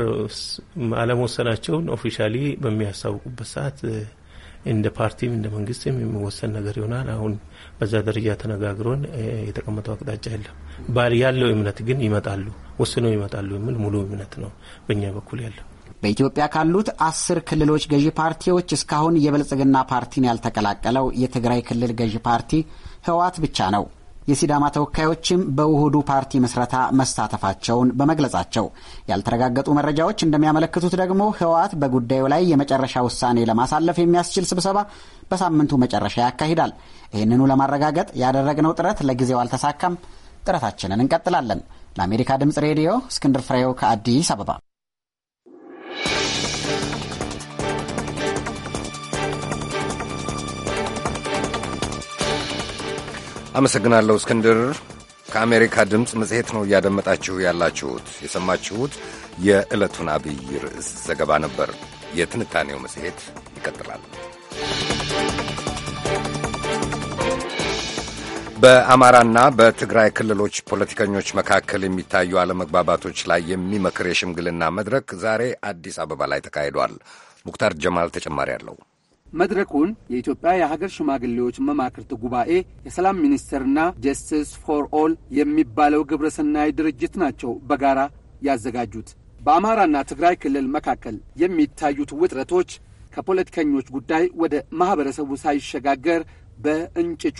አለመወሰናቸውን ኦፊሻሊ በሚያስታውቁበት ሰዓት እንደ ፓርቲም እንደ መንግስትም የሚወሰን ነገር ይሆናል። አሁን በዛ ደረጃ ተነጋግሮን የተቀመጠው አቅጣጫ የለም። ባል ያለው እምነት ግን ይመጣሉ፣ ወስኖ ይመጣሉ የሚል ሙሉ እምነት ነው በእኛ በኩል ያለው። በኢትዮጵያ ካሉት አስር ክልሎች ገዢ ፓርቲዎች እስካሁን የብልጽግና ፓርቲን ያልተቀላቀለው የትግራይ ክልል ገዢ ፓርቲ ህወሓት ብቻ ነው። የሲዳማ ተወካዮችም በውህዱ ፓርቲ ምስረታ መሳተፋቸውን በመግለጻቸው ያልተረጋገጡ መረጃዎች እንደሚያመለክቱት ደግሞ ህወሓት በጉዳዩ ላይ የመጨረሻ ውሳኔ ለማሳለፍ የሚያስችል ስብሰባ በሳምንቱ መጨረሻ ያካሂዳል። ይህንኑ ለማረጋገጥ ያደረግነው ጥረት ለጊዜው አልተሳካም። ጥረታችንን እንቀጥላለን። ለአሜሪካ ድምጽ ሬዲዮ እስክንድር ፍሬው ከአዲስ አበባ አመሰግናለሁ እስክንድር። ከአሜሪካ ድምፅ መጽሔት ነው እያደመጣችሁ ያላችሁት። የሰማችሁት የዕለቱን አብይ ርዕስ ዘገባ ነበር። የትንታኔው መጽሔት ይቀጥላል። በአማራና በትግራይ ክልሎች ፖለቲከኞች መካከል የሚታዩ አለመግባባቶች ላይ የሚመክር የሽምግልና መድረክ ዛሬ አዲስ አበባ ላይ ተካሂዷል። ሙክታር ጀማል ተጨማሪ አለው። መድረኩን የኢትዮጵያ የሀገር ሽማግሌዎች መማክርት ጉባኤ፣ የሰላም ሚኒስቴርና ጀስቲስ ፎር ኦል የሚባለው ግብረሰናይ ድርጅት ናቸው በጋራ ያዘጋጁት። በአማራና ትግራይ ክልል መካከል የሚታዩት ውጥረቶች ከፖለቲከኞች ጉዳይ ወደ ማኅበረሰቡ ሳይሸጋገር በእንጭጩ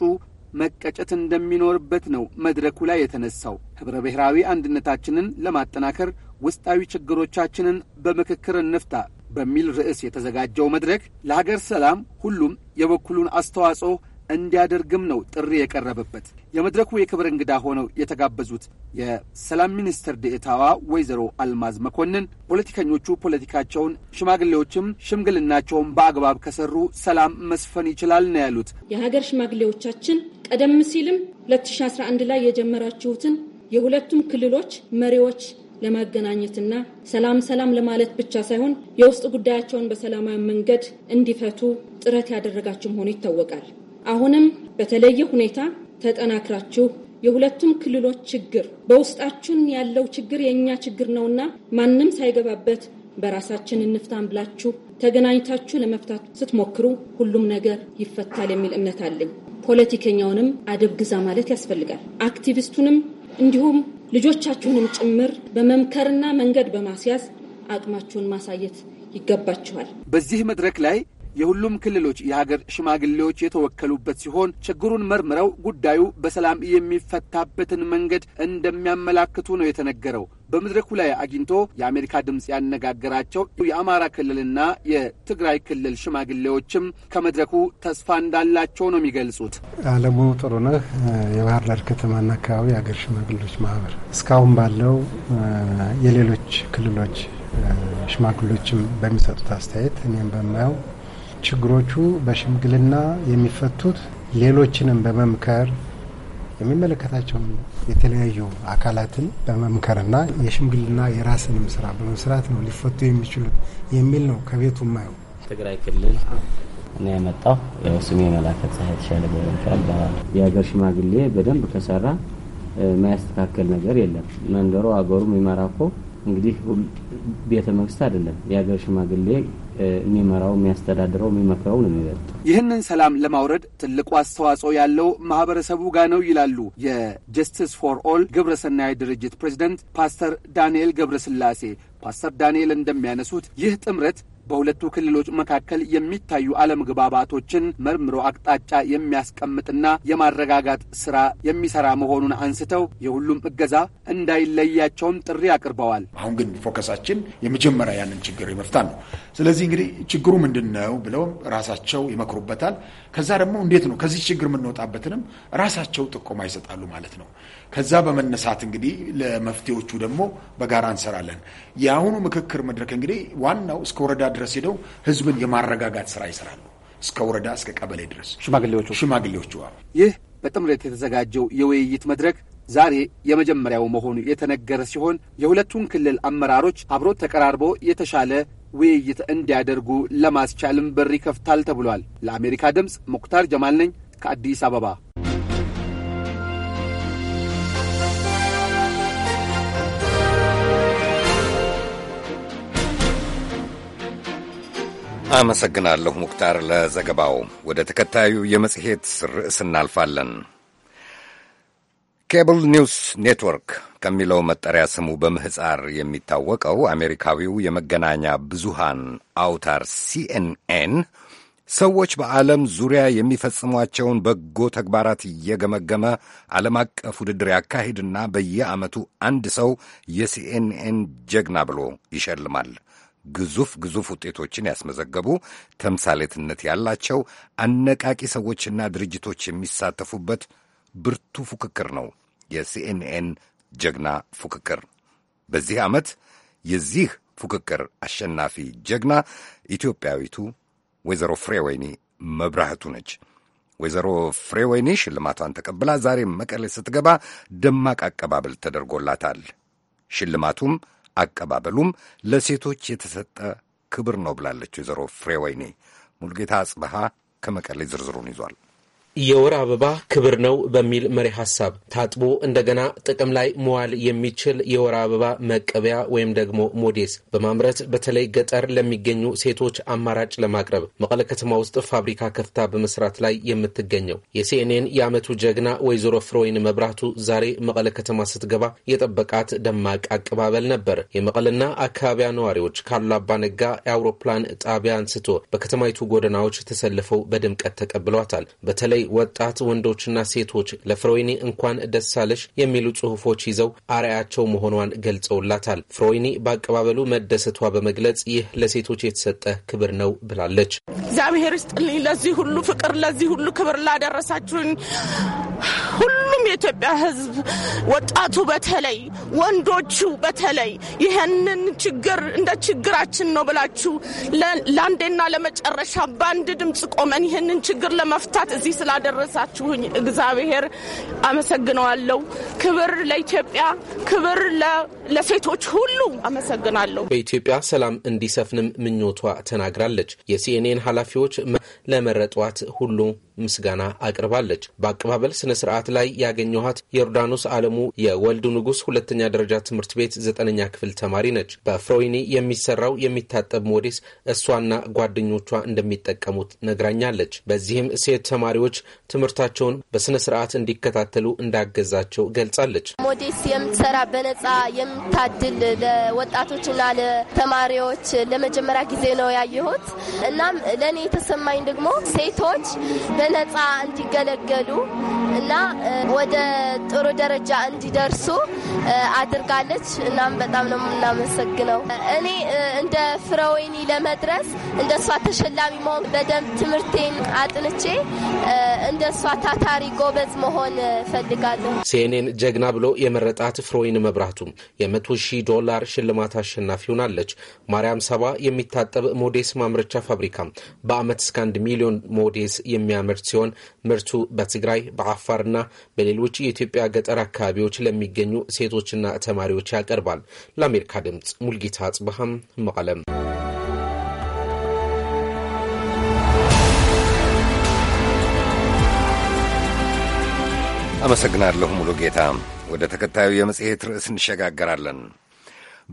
መቀጨት እንደሚኖርበት ነው መድረኩ ላይ የተነሳው። ኅብረ ብሔራዊ አንድነታችንን ለማጠናከር ውስጣዊ ችግሮቻችንን በምክክር እንፍታ በሚል ርዕስ የተዘጋጀው መድረክ ለሀገር ሰላም ሁሉም የበኩሉን አስተዋጽኦ እንዲያደርግም ነው ጥሪ የቀረበበት። የመድረኩ የክብር እንግዳ ሆነው የተጋበዙት የሰላም ሚኒስትር ዴኤታዋ ወይዘሮ አልማዝ መኮንን ፖለቲከኞቹ ፖለቲካቸውን፣ ሽማግሌዎችም ሽምግልናቸውን በአግባብ ከሰሩ ሰላም መስፈን ይችላል ነው ያሉት። የሀገር ሽማግሌዎቻችን ቀደም ሲልም 2011 ላይ የጀመራችሁትን የሁለቱም ክልሎች መሪዎች ለማገናኘትና ሰላም ሰላም ለማለት ብቻ ሳይሆን የውስጥ ጉዳያቸውን በሰላማዊ መንገድ እንዲፈቱ ጥረት ያደረጋችሁ መሆኑ ይታወቃል። አሁንም በተለየ ሁኔታ ተጠናክራችሁ የሁለቱም ክልሎች ችግር በውስጣችን ያለው ችግር የእኛ ችግር ነውና ማንም ሳይገባበት በራሳችን እንፍታን ብላችሁ ተገናኝታችሁ ለመፍታት ስትሞክሩ ሁሉም ነገር ይፈታል የሚል እምነት አለኝ። ፖለቲከኛውንም አደብ ግዛ ማለት ያስፈልጋል። አክቲቪስቱንም እንዲሁም ልጆቻችሁንም ጭምር በመምከርና መንገድ በማስያዝ አቅማችሁን ማሳየት ይገባችኋል። በዚህ መድረክ ላይ የሁሉም ክልሎች የሀገር ሽማግሌዎች የተወከሉበት ሲሆን ችግሩን መርምረው ጉዳዩ በሰላም የሚፈታበትን መንገድ እንደሚያመላክቱ ነው የተነገረው። በመድረኩ ላይ አግኝቶ የአሜሪካ ድምፅ ያነጋገራቸው የአማራ ክልልና የትግራይ ክልል ሽማግሌዎችም ከመድረኩ ተስፋ እንዳላቸው ነው የሚገልጹት። አለሙ ጥሩነህ የባህር ዳር ከተማና አካባቢ የሀገር ሽማግሌዎች ማህበር እስካሁን ባለው የሌሎች ክልሎች ሽማግሌዎችም በሚሰጡት አስተያየት እኔም በማየው ችግሮቹ በሽምግልና የሚፈቱት ሌሎችንም በመምከር የሚመለከታቸውን የተለያዩ አካላትን በመምከርና የሽምግልና የራስንም ስራ በመስራት ነው ሊፈቱ የሚችሉት የሚል ነው። ከቤቱ ማየው ትግራይ ክልል እና የመጣው ያው ስሜ መላከት ፀሐይ ተሻለ ገብረሚካኤል የሀገር ሽማግሌ በደንብ ከሰራ የማያስተካከል ነገር የለም። መንደሮ አገሩ ይመራኮ እንግዲህ ቤተ መንግስት አይደለም። የሀገር ሽማግሌ የሚመራው የሚያስተዳድረው የሚመክረው ነው የሚበልጥ። ይህንን ሰላም ለማውረድ ትልቁ አስተዋጽኦ ያለው ማህበረሰቡ ጋ ነው ይላሉ የጀስቲስ ፎር ኦል ግብረሰናይ ድርጅት ፕሬዚደንት ፓስተር ዳንኤል ገብረስላሴ። ፓስተር ዳንኤል እንደሚያነሱት ይህ ጥምረት በሁለቱ ክልሎች መካከል የሚታዩ አለመግባባቶችን መርምሮ አቅጣጫ የሚያስቀምጥና የማረጋጋት ስራ የሚሰራ መሆኑን አንስተው የሁሉም እገዛ እንዳይለያቸውም ጥሪ አቅርበዋል። አሁን ግን ፎከሳችን የመጀመሪያ ያንን ችግር የመፍታት ነው። ስለዚህ እንግዲህ ችግሩ ምንድን ነው ብለውም ራሳቸው ይመክሩበታል። ከዛ ደግሞ እንዴት ነው ከዚህ ችግር የምንወጣበትንም ራሳቸው ጥቆማ ይሰጣሉ ማለት ነው። ከዛ በመነሳት እንግዲህ ለመፍትሄዎቹ ደግሞ በጋራ እንሰራለን። የአሁኑ ምክክር መድረክ እንግዲህ ዋናው እስከ ወረዳ ድረስ ሄደው ህዝብን የማረጋጋት ስራ ይሰራሉ። እስከ ወረዳ እስከ ቀበሌ ድረስ ሽማግሌዎቹ ሽማግሌዎቹ ይህ በጥምረት የተዘጋጀው የውይይት መድረክ ዛሬ የመጀመሪያው መሆኑ የተነገረ ሲሆን የሁለቱን ክልል አመራሮች አብሮ ተቀራርቦ የተሻለ ውይይት እንዲያደርጉ ለማስቻልም በር ይከፍታል ተብሏል። ለአሜሪካ ድምፅ ሙክታር ጀማል ነኝ ከአዲስ አበባ። አመሰግናለሁ ሙክታር ለዘገባው። ወደ ተከታዩ የመጽሔት ርዕስ እናልፋለን። ኬብል ኒውስ ኔትወርክ ከሚለው መጠሪያ ስሙ በምህፃር የሚታወቀው አሜሪካዊው የመገናኛ ብዙሃን አውታር ሲኤንኤን ሰዎች በዓለም ዙሪያ የሚፈጽሟቸውን በጎ ተግባራት እየገመገመ ዓለም አቀፍ ውድድር ያካሂድና በየዓመቱ አንድ ሰው የሲኤንኤን ጀግና ብሎ ይሸልማል። ግዙፍ ግዙፍ ውጤቶችን ያስመዘገቡ ተምሳሌትነት ያላቸው አነቃቂ ሰዎችና ድርጅቶች የሚሳተፉበት ብርቱ ፉክክር ነው የሲኤንኤን ጀግና ፉክክር። በዚህ ዓመት የዚህ ፉክክር አሸናፊ ጀግና ኢትዮጵያዊቱ ወይዘሮ ፍሬወይኒ መብራህቱ ነች። ወይዘሮ ፍሬወይኒ ሽልማቷን ተቀብላ ዛሬ መቀሌ ስትገባ ደማቅ አቀባበል ተደርጎላታል። ሽልማቱም አቀባበሉም ለሴቶች የተሰጠ ክብር ነው ብላለች ወይዘሮ ፍሬ ወይኔ። ሙልጌታ አጽበሃ ከመቀሌ ዝርዝሩን ይዟል። የወር አበባ ክብር ነው በሚል መሪ ሀሳብ ታጥቦ እንደገና ጥቅም ላይ መዋል የሚችል የወር አበባ መቀበያ ወይም ደግሞ ሞዴስ በማምረት በተለይ ገጠር ለሚገኙ ሴቶች አማራጭ ለማቅረብ መቀለ ከተማ ውስጥ ፋብሪካ ከፍታ በመስራት ላይ የምትገኘው የሲኤንኤን የዓመቱ ጀግና ወይዘሮ ፍሮይን መብራቱ ዛሬ መቀለ ከተማ ስትገባ የጠበቃት ደማቅ አቀባበል ነበር። የመቀለና አካባቢያ ነዋሪዎች ካሉ አባነጋ የአውሮፕላን ጣቢያ አንስቶ በከተማይቱ ጎደናዎች ተሰልፈው በድምቀት ተቀብሏታል። በተለይ ወጣት ወንዶችና ሴቶች ለፍሮይኒ እንኳን ደስ የሚሉ ጽሁፎች ይዘው አርአያቸው መሆኗን ገልጸውላታል። ፍሮይኒ በአቀባበሉ መደሰቷ በመግለጽ ይህ ለሴቶች የተሰጠ ክብር ነው ብላለች። እግዚአብሔር ይስጥልኝ ለዚህ ሁሉ ፍቅር፣ ለዚህ ሁሉ ክብር ላደረሳችሁኝ ሁሉም የኢትዮጵያ ሕዝብ ወጣቱ፣ በተለይ ወንዶቹ በተለይ ይህንን ችግር እንደ ችግራችን ነው ብላችሁ ለአንዴና ለመጨረሻ በአንድ ድምፅ ቆመን ይህንን ችግር ለመፍታት እዚህ ስላ ስላደረሳችሁኝ እግዚአብሔር አመሰግነዋለሁ። ክብር ለኢትዮጵያ፣ ክብር ለሴቶች ሁሉ አመሰግናለሁ። በኢትዮጵያ ሰላም እንዲሰፍንም ምኞቷ ተናግራለች። የሲኤንኤን ኃላፊዎች ለመረጧት ሁሉ ምስጋና አቅርባለች። በአቀባበል ስነ ስርዓት ላይ ያገኘኋት የዮርዳኖስ አለሙ የወልዱ ንጉሥ ሁለተኛ ደረጃ ትምህርት ቤት ዘጠነኛ ክፍል ተማሪ ነች። በፍሮይኒ የሚሰራው የሚታጠብ ሞዴስ እሷና ጓደኞቿ እንደሚጠቀሙት ነግራኛለች። በዚህም ሴት ተማሪዎች ትምህርታቸውን በስነ ስርዓት እንዲከታተሉ እንዳገዛቸው ገልጻለች። ሞዴስ የምትሰራ በነጻ የምታድል ለወጣቶችና ለተማሪዎች ለመጀመሪያ ጊዜ ነው ያየሁት። እናም ለእኔ የተሰማኝ ደግሞ ሴቶች በነፃ እንዲገለገሉ እና ወደ ጥሩ ደረጃ እንዲደርሱ አድርጋለች። እናም በጣም ነው የምናመሰግነው። እኔ እንደ ፍረወይኒ ለመድረስ እንደ እሷ ተሸላሚ መሆን በደንብ ትምህርቴን አጥንቼ እንደ እሷ ታታሪ ጎበዝ መሆን ፈልጋለሁ። ሲኤንኤን ጀግና ብሎ የመረጣት ፍሮይን መብራቱም የመቶ ሺህ ዶላር ሽልማት አሸናፊ ሆናለች። ማርያም ሰባ የሚታጠብ ሞዴስ ማምረቻ ፋብሪካ በአመት እስከ አንድ ሚሊዮን ሞዴስ የሚያመ ምርት ሲሆን ምርቱ በትግራይ በአፋርና በሌሎች የኢትዮጵያ ገጠር አካባቢዎች ለሚገኙ ሴቶችና ተማሪዎች ያቀርባል። ለአሜሪካ ድምፅ ሙልጌታ አጽብሃም መቀለም። አመሰግናለሁ ሙሉ ጌታ። ወደ ተከታዩ የመጽሔት ርዕስ እንሸጋገራለን።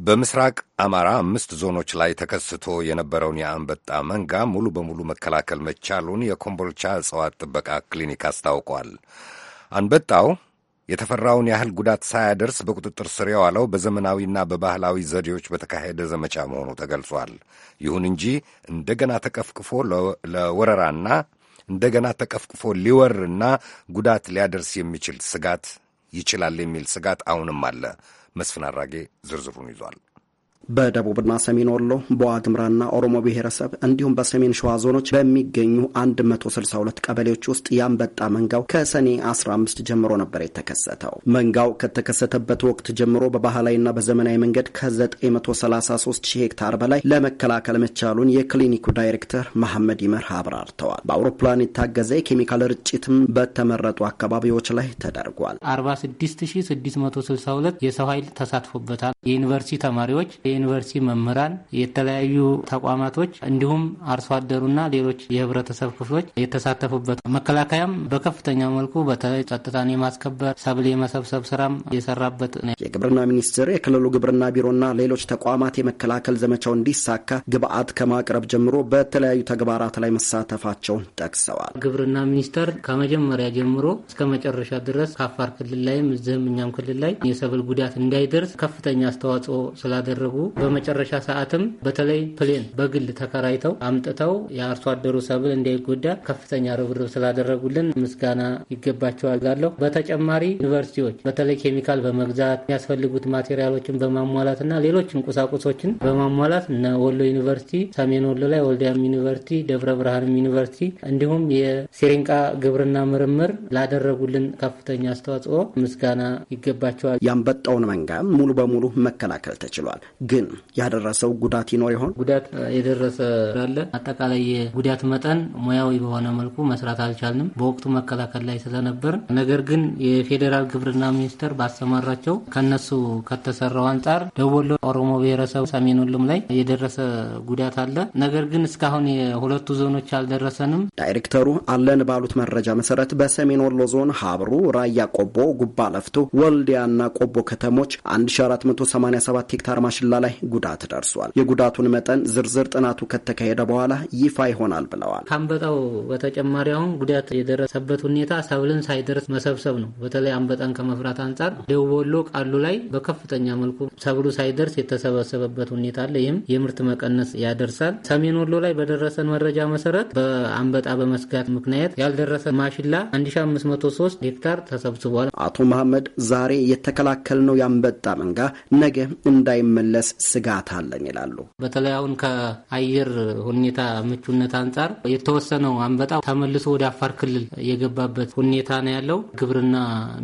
በምስራቅ አማራ አምስት ዞኖች ላይ ተከስቶ የነበረውን የአንበጣ መንጋ ሙሉ በሙሉ መከላከል መቻሉን የኮምቦልቻ እጽዋት ጥበቃ ክሊኒክ አስታውቋል። አንበጣው የተፈራውን ያህል ጉዳት ሳያደርስ በቁጥጥር ስር የዋለው በዘመናዊና በባህላዊ ዘዴዎች በተካሄደ ዘመቻ መሆኑ ተገልጿል። ይሁን እንጂ እንደገና ተቀፍቅፎ ለወረራና እንደገና ተቀፍቅፎ ሊወርና ጉዳት ሊያደርስ የሚችል ስጋት ይችላል የሚል ስጋት አሁንም አለ። መስፍን አራጌ ዝርዝሩን ይዟል። በደቡብና ሰሜን ወሎ በዋግምራና ኦሮሞ ብሔረሰብ እንዲሁም በሰሜን ሸዋ ዞኖች በሚገኙ 162 ቀበሌዎች ውስጥ የአንበጣ መንጋው ከሰኔ 15 ጀምሮ ነበር የተከሰተው። መንጋው ከተከሰተበት ወቅት ጀምሮ በባህላዊና በዘመናዊ መንገድ ከ933 ሺህ ሄክታር በላይ ለመከላከል መቻሉን የክሊኒኩ ዳይሬክተር መሐመድ ይመር አብራርተዋል። በአውሮፕላን የታገዘ የኬሚካል ርጭትም በተመረጡ አካባቢዎች ላይ ተደርጓል። 46662 የሰው ኃይል ተሳትፎበታል። የዩኒቨርሲቲ ተማሪዎች የዩኒቨርሲቲ መምህራን፣ የተለያዩ ተቋማቶች እንዲሁም አርሶ አደሩና ሌሎች የህብረተሰብ ክፍሎች የተሳተፉበት መከላከያም በከፍተኛ መልኩ በተለይ ጸጥታን የማስከበር ሰብል የመሰብሰብ ስራም የሰራበት የግብርና ሚኒስቴር የክልሉ ግብርና ቢሮና ሌሎች ተቋማት የመከላከል ዘመቻው እንዲሳካ ግብአት ከማቅረብ ጀምሮ በተለያዩ ተግባራት ላይ መሳተፋቸውን ጠቅሰዋል። ግብርና ሚኒስቴር ከመጀመሪያ ጀምሮ እስከ መጨረሻ ድረስ ከአፋር ክልል ላይም እዚህም እኛም ክልል ላይ የሰብል ጉዳት እንዳይደርስ ከፍተኛ አስተዋጽኦ ስላደረጉ በመጨረሻ ሰዓትም በተለይ ፕሌን በግል ተከራይተው አምጥተው የአርሶ አደሩ ሰብል እንዳይጎዳ ከፍተኛ ርብርብ ስላደረጉልን ምስጋና ይገባቸዋል ላለሁ። በተጨማሪ ዩኒቨርሲቲዎች በተለይ ኬሚካል በመግዛት የሚያስፈልጉት ማቴሪያሎችን በማሟላት እና ሌሎችን ቁሳቁሶችን በማሟላት እነ ወሎ ዩኒቨርሲቲ፣ ሰሜን ወሎ ላይ ወልዲያም ዩኒቨርሲቲ፣ ደብረ ብርሃንም ዩኒቨርሲቲ እንዲሁም የሲሪንቃ ግብርና ምርምር ላደረጉልን ከፍተኛ አስተዋጽኦ ምስጋና ይገባቸዋል። ያንበጣውን መንጋ ሙሉ በሙሉ መከላከል ተችሏል። ግን ያደረሰው ጉዳት ይኖር ይሆን? ጉዳት የደረሰ ያለ አጠቃላይ የጉዳት መጠን ሙያዊ በሆነ መልኩ መስራት አልቻልንም። በወቅቱ መከላከል ላይ ስለነበርን፣ ነገር ግን የፌዴራል ግብርና ሚኒስቴር ባሰማራቸው ከነሱ ከተሰራው አንጻር ደወሎ ኦሮሞ ብሔረሰብ ሰሜን ወሎም ላይ የደረሰ ጉዳት አለ። ነገር ግን እስካሁን የሁለቱ ዞኖች አልደረሰንም። ዳይሬክተሩ አለን ባሉት መረጃ መሰረት በሰሜን ወሎ ዞን ሀብሩ፣ ራያ ቆቦ፣ ጉባ ለፍቶ፣ ወልዲያና ቆቦ ከተሞች 1487 ሄክታር ማሽላ ላይ ጉዳት ደርሷል። የጉዳቱን መጠን ዝርዝር ጥናቱ ከተካሄደ በኋላ ይፋ ይሆናል ብለዋል። ከአንበጣው በተጨማሪ አሁን ጉዳት የደረሰበት ሁኔታ ሰብልን ሳይደርስ መሰብሰብ ነው። በተለይ አንበጣን ከመፍራት አንጻር ደቡብ ወሎ ቃሉ ላይ በከፍተኛ መልኩ ሰብሉ ሳይደርስ የተሰበሰበበት ሁኔታ አለ። ይህም የምርት መቀነስ ያደርሳል። ሰሜን ወሎ ላይ በደረሰን መረጃ መሰረት በአንበጣ በመስጋት ምክንያት ያልደረሰ ማሽላ 1503 ሄክታር ተሰብስቧል። አቶ መሐመድ ዛሬ የተከላከልነው የአንበጣ መንጋ ነገ እንዳይመለስ ስጋት አለን ይላሉ። በተለይ አሁን ከአየር ሁኔታ ምቹነት አንጻር የተወሰነው አንበጣ ተመልሶ ወደ አፋር ክልል የገባበት ሁኔታ ነው ያለው። ግብርና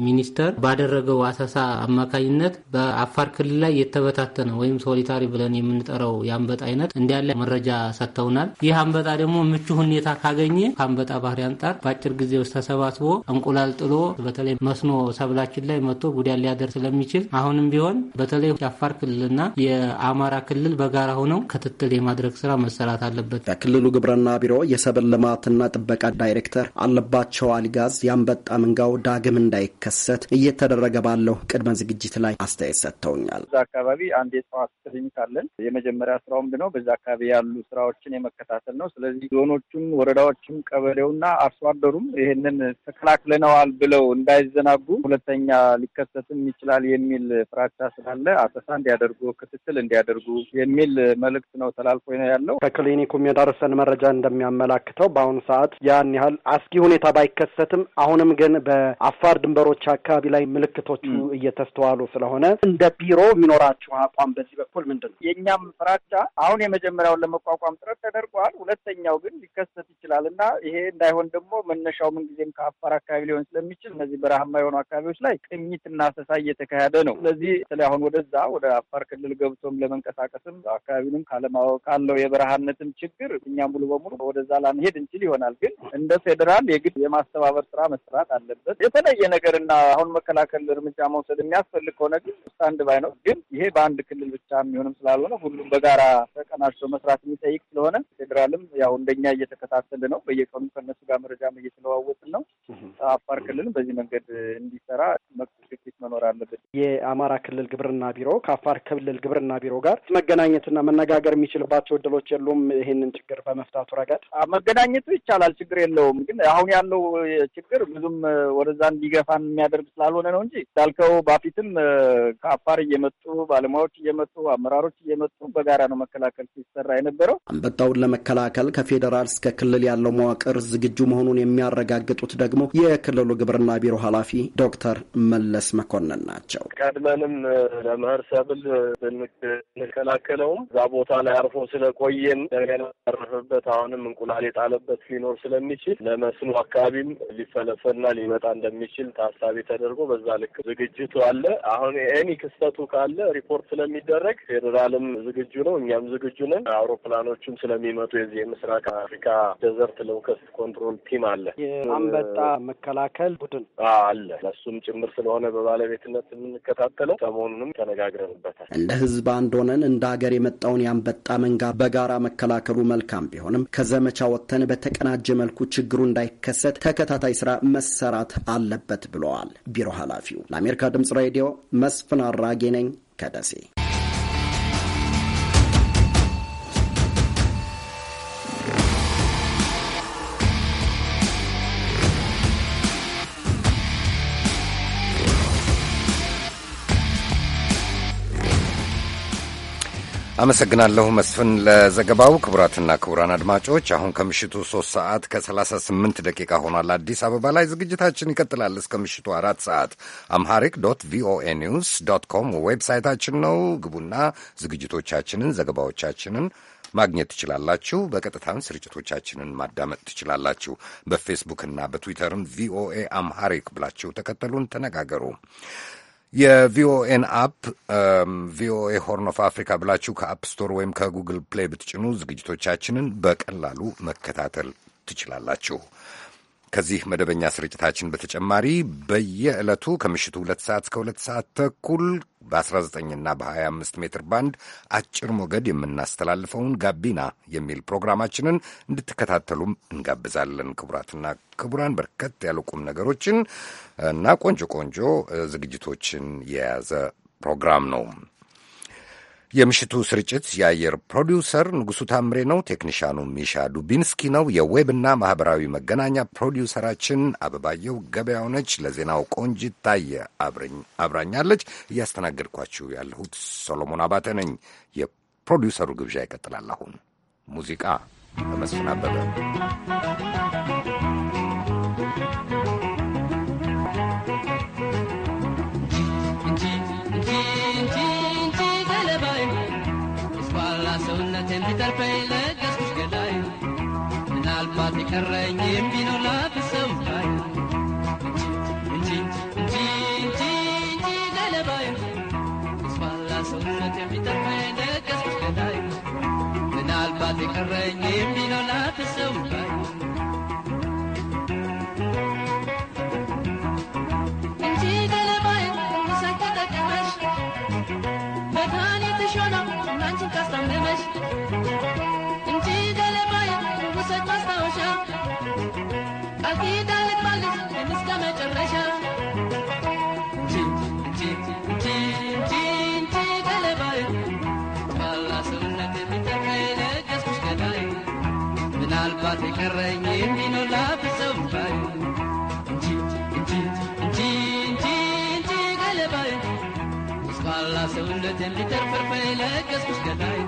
ሚኒስቴር ባደረገው አሰሳ አማካኝነት በአፋር ክልል ላይ የተበታተነ ወይም ሶሊታሪ ብለን የምንጠራው የአንበጣ አይነት እንዳለ መረጃ ሰጥተውናል። ይህ አንበጣ ደግሞ ምቹ ሁኔታ ካገኘ ከአንበጣ ባህሪ አንጻር በአጭር ጊዜ ውስጥ ተሰባስቦ እንቁላል ጥሎ በተለይ መስኖ ሰብላችን ላይ መጥቶ ጉዳት ሊያደርስ ስለሚችል አሁንም ቢሆን በተለይ የአፋር ክልልና የአማራ ክልል በጋራ ሆነው ክትትል የማድረግ ስራ መሰራት አለበት። በክልሉ ግብርና ቢሮ የሰብል ልማትና ጥበቃ ዳይሬክተር አለባቸው አሊጋዝ የአንበጣ መንጋው ዳግም እንዳይከሰት እየተደረገ ባለው ቅድመ ዝግጅት ላይ አስተያየት ሰጥተውኛል። እዛ አካባቢ አንድ የእጽዋት ክሊኒክ አለን። የመጀመሪያ ስራው ምንድን ነው? በዛ አካባቢ ያሉ ስራዎችን የመከታተል ነው። ስለዚህ ዞኖቹም፣ ወረዳዎችም፣ ቀበሌውና አርሶ አደሩም ይህንን ተከላክለነዋል ብለው እንዳይዘናጉ፣ ሁለተኛ ሊከሰትም ይችላል የሚል ፍራቻ ስላለ አሰሳ እንዲያደርጉ ክትል ክትትል እንዲያደርጉ የሚል መልእክት ነው ተላልፎ ያለው። ከክሊኒኩም የደረሰን መረጃ እንደሚያመላክተው በአሁኑ ሰዓት ያን ያህል አስጊ ሁኔታ ባይከሰትም አሁንም ግን በአፋር ድንበሮች አካባቢ ላይ ምልክቶቹ እየተስተዋሉ ስለሆነ እንደ ቢሮ የሚኖራቸው አቋም በዚህ በኩል ምንድን ነው? የእኛም ፍራቻ አሁን የመጀመሪያውን ለመቋቋም ጥረት ተደርጓል። ሁለተኛው ግን ሊከሰት ይችላል እና ይሄ እንዳይሆን ደግሞ መነሻው ምንጊዜም ከአፋር አካባቢ ሊሆን ስለሚችል እነዚህ በረሃማ የሆኑ አካባቢዎች ላይ ቅኝትና አሰሳ እየተካሄደ ነው። ስለዚህ ስለ አሁን ወደዛ ወደ አፋር ክልል ገብቶም ለመንቀሳቀስም አካባቢንም ካለማወቅ ካለው የበረሃነትም ችግር እኛ ሙሉ በሙሉ ወደዛ ላንሄድ እንችል ይሆናል። ግን እንደ ፌዴራል የግድ የማስተባበር ስራ መስራት አለበት። የተለየ ነገርና አሁን መከላከል እርምጃ መውሰድ የሚያስፈልግ ከሆነ ግን ስታንድ ባይ ነው። ግን ይሄ በአንድ ክልል ብቻ የሚሆንም ስላልሆነ ሁሉም በጋራ ተቀናጅቶ መስራት የሚጠይቅ ስለሆነ ፌዴራልም ያው እንደኛ እየተከታተል ነው። በየቀኑ ከነሱ ጋር መረጃም እየተለዋወጥን ነው። አፋር ክልልም በዚህ መንገድ እንዲሰራ ግፊት መኖር አለበት። የአማራ ክልል ግብርና ቢሮ ከአፋር ክልል ግብር ከግብርና ቢሮ ጋር መገናኘትና መነጋገር የሚችልባቸው እድሎች የሉም። ይህንን ችግር በመፍታቱ ረገድ መገናኘቱ ይቻላል፣ ችግር የለውም። ግን አሁን ያለው ችግር ብዙም ወደዛ እንዲገፋን የሚያደርግ ስላልሆነ ነው እንጂ እንዳልከው በፊትም ከአፋር እየመጡ ባለሙያዎች እየመጡ አመራሮች እየመጡ በጋራ ነው መከላከል ሲሰራ የነበረው። አንበጣውን ለመከላከል ከፌዴራል እስከ ክልል ያለው መዋቅር ዝግጁ መሆኑን የሚያረጋግጡት ደግሞ የክልሉ ግብርና ቢሮ ኃላፊ ዶክተር መለስ መኮንን ናቸው። ቀድመንም ለማህር ሰብል የምንከላከለውም እዛ ቦታ ላይ አርፎ ስለቆየን እንደገና ያረፈበት አሁንም እንቁላል የጣለበት ሊኖር ስለሚችል ለመስኖ አካባቢም ሊፈለፈና ሊመጣ እንደሚችል ታሳቢ ተደርጎ በዛ ልክ ዝግጅቱ አለ። አሁን ኤኒ ክስተቱ ካለ ሪፖርት ስለሚደረግ ፌዴራልም ዝግጁ ነው፣ እኛም ዝግጁ ነን። አውሮፕላኖቹም ስለሚመጡ የዚህ የምስራቅ አፍሪካ ደዘርት ሎከስት ኮንትሮል ቲም አለ፣ የአንበጣ መከላከል ቡድን አለ። ለሱም ጭምር ስለሆነ በባለቤትነት የምንከታተለው ሰሞኑንም ተነጋግረንበታል እንደ ህዝብ አንድ ሆነን እንደ ሀገር የመጣውን የአንበጣ መንጋ በጋራ መከላከሉ መልካም ቢሆንም ከዘመቻ ወጥተን በተቀናጀ መልኩ ችግሩ እንዳይከሰት ተከታታይ ስራ መሰራት አለበት ብለዋል ቢሮ ኃላፊው። ለአሜሪካ ድምጽ ሬዲዮ መስፍን አራጌ ነኝ ከደሴ። አመሰግናለሁ መስፍን ለዘገባው። ክቡራትና ክቡራን አድማጮች አሁን ከምሽቱ 3 ሰዓት ከ38 ደቂቃ ሆኗል አዲስ አበባ ላይ። ዝግጅታችን ይቀጥላል እስከ ምሽቱ አራት ሰዓት። አምሃሪክ ዶት ቪኦኤ ኒውስ ዶት ኮም ዌብሳይታችን ነው። ግቡና ዝግጅቶቻችንን፣ ዘገባዎቻችንን ማግኘት ትችላላችሁ። በቀጥታም ስርጭቶቻችንን ማዳመጥ ትችላላችሁ። በፌስቡክና በትዊተርም ቪኦኤ አምሃሪክ ብላችሁ ተከተሉን፣ ተነጋገሩ። የቪኦኤን አፕ ቪኦኤ ሆርን ኦፍ አፍሪካ ብላችሁ ከአፕ ስቶር ወይም ከጉግል ፕሌይ ብትጭኑ ዝግጅቶቻችንን በቀላሉ መከታተል ትችላላችሁ። ከዚህ መደበኛ ስርጭታችን በተጨማሪ በየዕለቱ ከምሽቱ ሁለት ሰዓት እስከ ሁለት ሰዓት ተኩል በ19ና በ25 ሜትር ባንድ አጭር ሞገድ የምናስተላልፈውን ጋቢና የሚል ፕሮግራማችንን እንድትከታተሉም እንጋብዛለን። ክቡራትና ክቡራን በርከት ያሉ ቁም ነገሮችን እና ቆንጆ ቆንጆ ዝግጅቶችን የያዘ ፕሮግራም ነው። የምሽቱ ስርጭት የአየር ፕሮዲውሰር ንጉሡ ታምሬ ነው። ቴክኒሻኑ ሚሻ ዱቢንስኪ ነው። የዌብና ማኅበራዊ መገናኛ ፕሮዲውሰራችን አበባየው ገበያው ነች። ለዜናው ቆንጂት ታየ አብራኛለች። እያስተናገድኳችሁ ያለሁት ሶሎሞን አባተ ነኝ። የፕሮዲውሰሩ ግብዣ ይቀጥላል። አሁን ሙዚቃ በመስፍን አበበ ሲተርፈኝ ለገስኩሽ ገላዩ ምናልባት የቀረኝ የሚለው ላፍሰው ላዩ እንጂ እንጂ እንጂ እንጂ ገለባዩ ስፋላ ሰውነት የሚተርፈኝ ለገስኩሽ ገላዩ ምናልባት የቀረኝ የሚለው ላ ሊትር ፍርፍር የለገስኩሽ ገላይ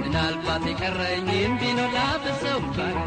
ምናልባት የቀረኝም ቢኖላ ብሰው ባል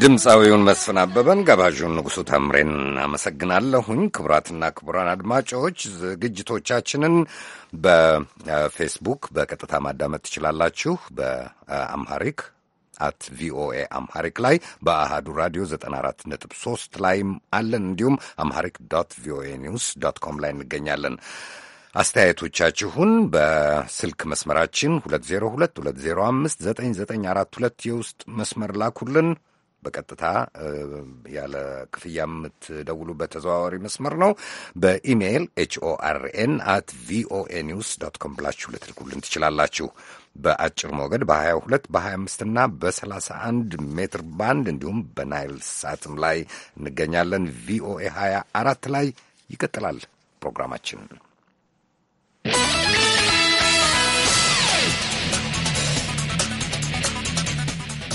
ድምፃዊውን መስፍን አበበን ጋባዥውን ንጉሡ ተምሬን አመሰግናለሁኝ። ክቡራትና ክቡራን አድማጮች ዝግጅቶቻችንን በፌስቡክ በቀጥታ ማዳመጥ ትችላላችሁ። በአምሃሪክ አት ቪኦኤ አምሐሪክ ላይ በአሃዱ ራዲዮ 94.3 ላይም አለን። እንዲሁም አምሐሪክ ዶት ቪኦኤ ኒውስ ዶት ኮም ላይ እንገኛለን። አስተያየቶቻችሁን በስልክ መስመራችን 2022059942 የውስጥ መስመር ላኩልን። በቀጥታ ያለ ክፍያ የምትደውሉ በተዘዋዋሪ መስመር ነው። በኢሜይል ኤችኦአርኤን አት ቪኦኤ ኒውስ ዶት ኮም ብላችሁ ልትልኩልን ትችላላችሁ። በአጭር ሞገድ በ22 በ25 እና በ31 ሜትር ባንድ እንዲሁም በናይል ሳትም ላይ እንገኛለን። ቪኦኤ 24 ላይ ይቀጥላል ፕሮግራማችን።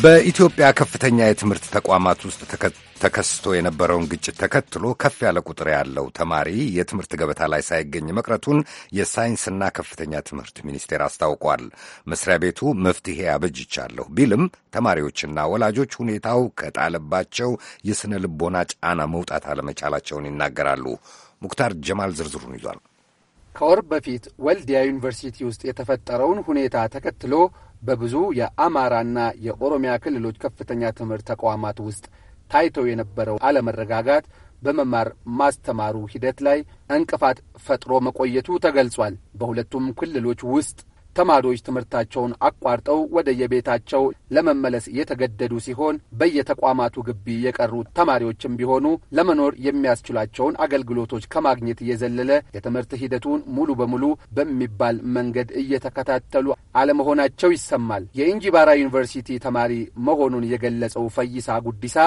በኢትዮጵያ ከፍተኛ የትምህርት ተቋማት ውስጥ ተከስቶ የነበረውን ግጭት ተከትሎ ከፍ ያለ ቁጥር ያለው ተማሪ የትምህርት ገበታ ላይ ሳይገኝ መቅረቱን የሳይንስና ከፍተኛ ትምህርት ሚኒስቴር አስታውቋል። መስሪያ ቤቱ መፍትሄ አበጅቻለሁ ቢልም ተማሪዎችና ወላጆች ሁኔታው ከጣለባቸው የሥነ ልቦና ጫና መውጣት አለመቻላቸውን ይናገራሉ። ሙክታር ጀማል ዝርዝሩን ይዟል። ከወር በፊት ወልዲያ ዩኒቨርሲቲ ውስጥ የተፈጠረውን ሁኔታ ተከትሎ በብዙ የአማራና የኦሮሚያ ክልሎች ከፍተኛ ትምህርት ተቋማት ውስጥ ታይተው የነበረው አለመረጋጋት በመማር ማስተማሩ ሂደት ላይ እንቅፋት ፈጥሮ መቆየቱ ተገልጿል። በሁለቱም ክልሎች ውስጥ ተማሪዎች ትምህርታቸውን አቋርጠው ወደ የቤታቸው ለመመለስ የተገደዱ ሲሆን በየተቋማቱ ግቢ የቀሩ ተማሪዎችም ቢሆኑ ለመኖር የሚያስችላቸውን አገልግሎቶች ከማግኘት እየዘለለ የትምህርት ሂደቱን ሙሉ በሙሉ በሚባል መንገድ እየተከታተሉ አለመሆናቸው ይሰማል። የእንጂባራ ዩኒቨርሲቲ ተማሪ መሆኑን የገለጸው ፈይሳ ጉዲሳ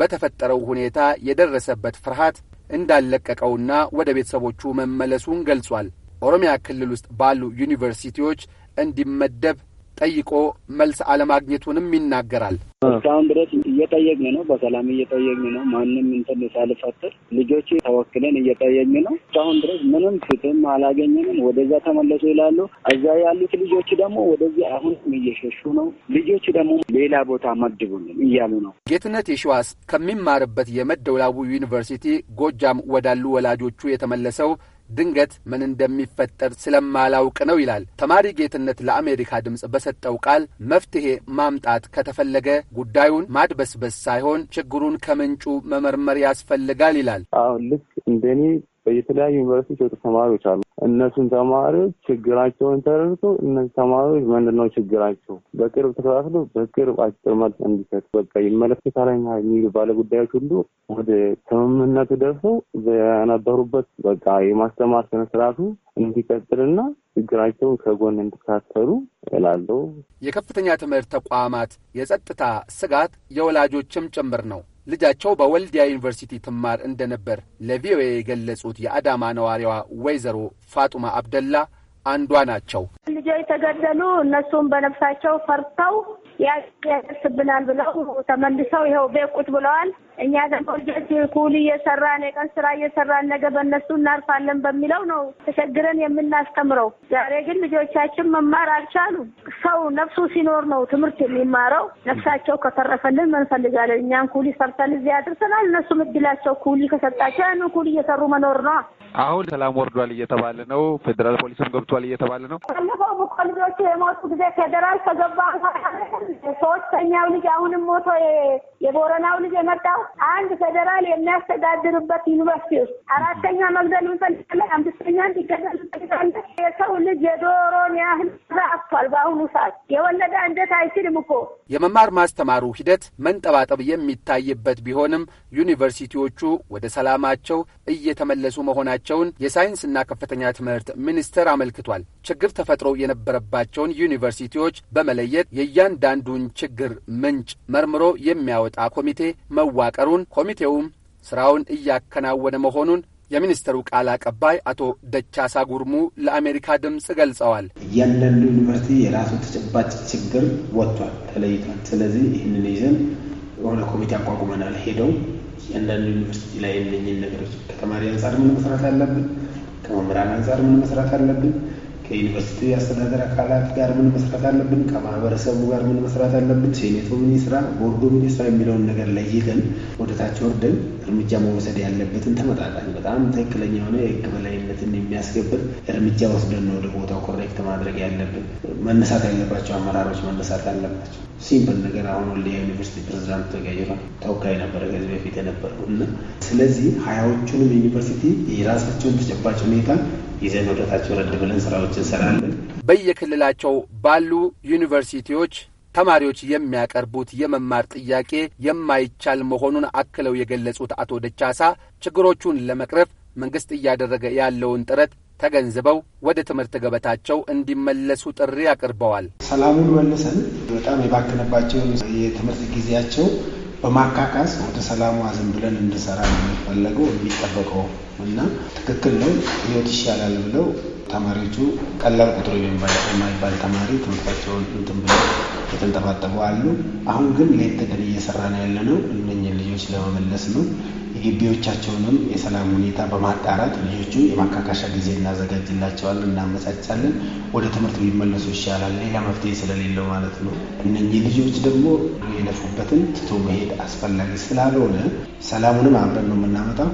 በተፈጠረው ሁኔታ የደረሰበት ፍርሃት እንዳለቀቀውና ወደ ቤተሰቦቹ መመለሱን ገልጿል። ኦሮሚያ ክልል ውስጥ ባሉ ዩኒቨርሲቲዎች እንዲመደብ ጠይቆ መልስ አለማግኘቱንም ይናገራል። እስካሁን ድረስ እየጠየቅን ነው፣ በሰላም እየጠየቅን ነው። ማንም እንትን ሳልፈጥር ልጆች ተወክለን እየጠየቅን ነው። እስካሁን ድረስ ምንም ፍትህም አላገኘንም። ወደዛ ተመለሱ ይላሉ። እዛ ያሉት ልጆች ደግሞ ወደዚህ አሁን እየሸሹ ነው። ልጆች ደግሞ ሌላ ቦታ መድቡልን እያሉ ነው። ጌትነት የሸዋስ ከሚማርበት የመደወላቡ ዩኒቨርሲቲ ጎጃም ወዳሉ ወላጆቹ የተመለሰው ድንገት ምን እንደሚፈጠር ስለማላውቅ ነው ይላል ተማሪ ጌትነት ለአሜሪካ ድምፅ በሰጠው ቃል። መፍትሄ ማምጣት ከተፈለገ ጉዳዩን ማድበስበስ ሳይሆን ችግሩን ከምንጩ መመርመር ያስፈልጋል ይላል። አሁን ልክ እንደኔ በየተለያዩ ዩኒቨርሲቲዎች የወጡ ተማሪዎች አሉ። እነሱን ተማሪዎች ችግራቸውን ተረድቶ እነዚህ ተማሪዎች ምንድነው ችግራቸው በቅርብ ተከታትሎ በቅርብ አጭር መልስ እንዲሰጥ በቃ ይመለከታለኛል የሚሉ ባለጉዳዮች ሁሉ ወደ ስምምነቱ ደርሰው በነበሩበት በቃ የማስተማር ስነስርዓቱ እንዲቀጥልና ችግራቸውን ከጎን እንዲካተሉ እላለሁ። የከፍተኛ ትምህርት ተቋማት የጸጥታ ስጋት የወላጆችም ጭምር ነው። ልጃቸው በወልዲያ ዩኒቨርሲቲ ትማር እንደነበር ለቪኦኤ የገለጹት የአዳማ ነዋሪዋ ወይዘሮ ፋጡማ አብደላ አንዷ ናቸው። ልጆች የተገደሉ እነሱም በነፍሳቸው ፈርተው ያደርስብናል ብለው ተመልሰው ይኸው ቤት ቁጭ ብለዋል። እኛ ደግሞ ልጆች ኩል እየሰራን የቀን ስራ እየሰራን ነገ በእነሱ እናርፋለን በሚለው ነው ተቸግረን የምናስተምረው። ዛሬ ግን ልጆቻችን መማር አልቻሉም። ሰው ነፍሱ ሲኖር ነው ትምህርት የሚማረው። ነፍሳቸው ከተረፈልን እንፈልጋለን። እኛም ኩሊ ሰርተን እዚህ አድርሰናል። እነሱም እድላቸው ኩሊ ከሰጣቸው ያንን ኩሊ እየሰሩ መኖር ነው። አሁን ሰላም ወርዷል እየተባለ ነው። ፌዴራል ፖሊስም ገብቷል እየተባለ ነው። ባለፈው እኮ ልጆቹ የሞቱ ጊዜ ፌዴራል ከገባ ሶስተኛው ልጅ አሁንም ሞቶ የቦረናው ልጅ የመጣው አንድ ፌዴራል የሚያስተዳድርበት ዩኒቨርሲቲ ውስጥ አራተኛ መግደል እንፈልጋለን፣ አምስተኛ እንዲገደል እንፈልጋለን። የሰው ልጅ የዶሮን ያህል አጥቷል። በአሁኑ ሰዓት የወለደ እንዴት አይችልም እኮ። የመማር ማስተማሩ ሂደት መንጠባጠብ የሚታይበት ቢሆንም ዩኒቨርሲቲዎቹ ወደ ሰላማቸው እየተመለሱ መሆናቸውን የሳይንስና ከፍተኛ ትምህርት ሚኒስቴር አመልክቷል። ችግር ተፈጥሮ የነበረባቸውን ዩኒቨርሲቲዎች በመለየት የእያንዳንዱን ችግር ምንጭ መርምሮ የሚያወጣ ኮሚቴ መዋቅ መፈቀሩን ኮሚቴውም ስራውን እያከናወነ መሆኑን የሚኒስትሩ ቃል አቀባይ አቶ ደቻሳ ጉርሙ ለአሜሪካ ድምፅ ገልጸዋል። እያንዳንዱ ዩኒቨርሲቲ የራሱ ተጨባጭ ችግር ወጥቷል፣ ተለይቷል። ስለዚህ ይህንን ይዘን ሆነ ኮሚቴ አቋቁመናል። ሄደው እያንዳንዱ ዩኒቨርሲቲ ላይ የነኝን ነገሮች ከተማሪ አንጻር ምን መስራት አለብን፣ ከመምህራን አንጻር ምን መስራት አለብን ከዩኒቨርሲቲ አስተዳደር አካላት ጋር ምን መስራት አለብን፣ ከማህበረሰቡ ጋር ምን መስራት አለብን፣ ሴኔቱ ምን ይስራ፣ ቦርዱ ምን ይስራ የሚለውን ነገር ለይተን ወደታች ወርደን እርምጃ መወሰድ ያለበትን ተመጣጣኝ በጣም ትክክለኛ የሆነ የህግ በላይነትን የሚያስገብር እርምጃ ወስደን ነው ወደ ቦታው ኮሬክት ማድረግ ያለብን። መነሳት ያለባቸው አመራሮች መነሳት አለባቸው። ሲምፕል ነገር አሁን ወደ ዩኒቨርሲቲ ፕሬዚዳንት ተቀይሯል። ተወካይ ነበረ ከዚህ በፊት የነበረው እና ስለዚህ ሀያዎቹንም ዩኒቨርሲቲ የራሳቸውን ተጨባጭ ሁኔታ ይዘን ወደታቸው ረድ ብለን ስራዎች እንሰራለን። በየክልላቸው ባሉ ዩኒቨርሲቲዎች ተማሪዎች የሚያቀርቡት የመማር ጥያቄ የማይቻል መሆኑን አክለው የገለጹት አቶ ደቻሳ ችግሮቹን ለመቅረፍ መንግስት እያደረገ ያለውን ጥረት ተገንዝበው ወደ ትምህርት ገበታቸው እንዲመለሱ ጥሪ አቅርበዋል። ሰላሙን መልሰን በጣም የባከነባቸውን የትምህርት ጊዜያቸው በማካካስ ወደ ሰላሙ አዘን ብለን እንድሰራ የሚፈለገው የሚጠበቀው እና ትክክል ነው ህይወት ይሻላል ብለው ተማሪዎቹ ቀላል ቁጥር የማይባል ተማሪ ትምህርታቸውን እንትን ብለው የተንጠባጠቡ አሉ። አሁን ግን ሌት ቀን እየሰራ ነው ያለ ነው እነኝ ልጆች ለመመለስ ነው። የግቢዎቻቸውንም የሰላም ሁኔታ በማጣራት ልጆቹ የማካካሻ ጊዜ እናዘጋጅላቸዋለን፣ እናመቻቻለን። ወደ ትምህርት ቢመለሱ ይሻላል፣ ሌላ መፍትሄ ስለሌለው ማለት ነው። እነኚህ ልጆች ደግሞ የለፉበትን ትቶ መሄድ አስፈላጊ ስላልሆነ ሰላሙንም አብረን ነው የምናመጣው።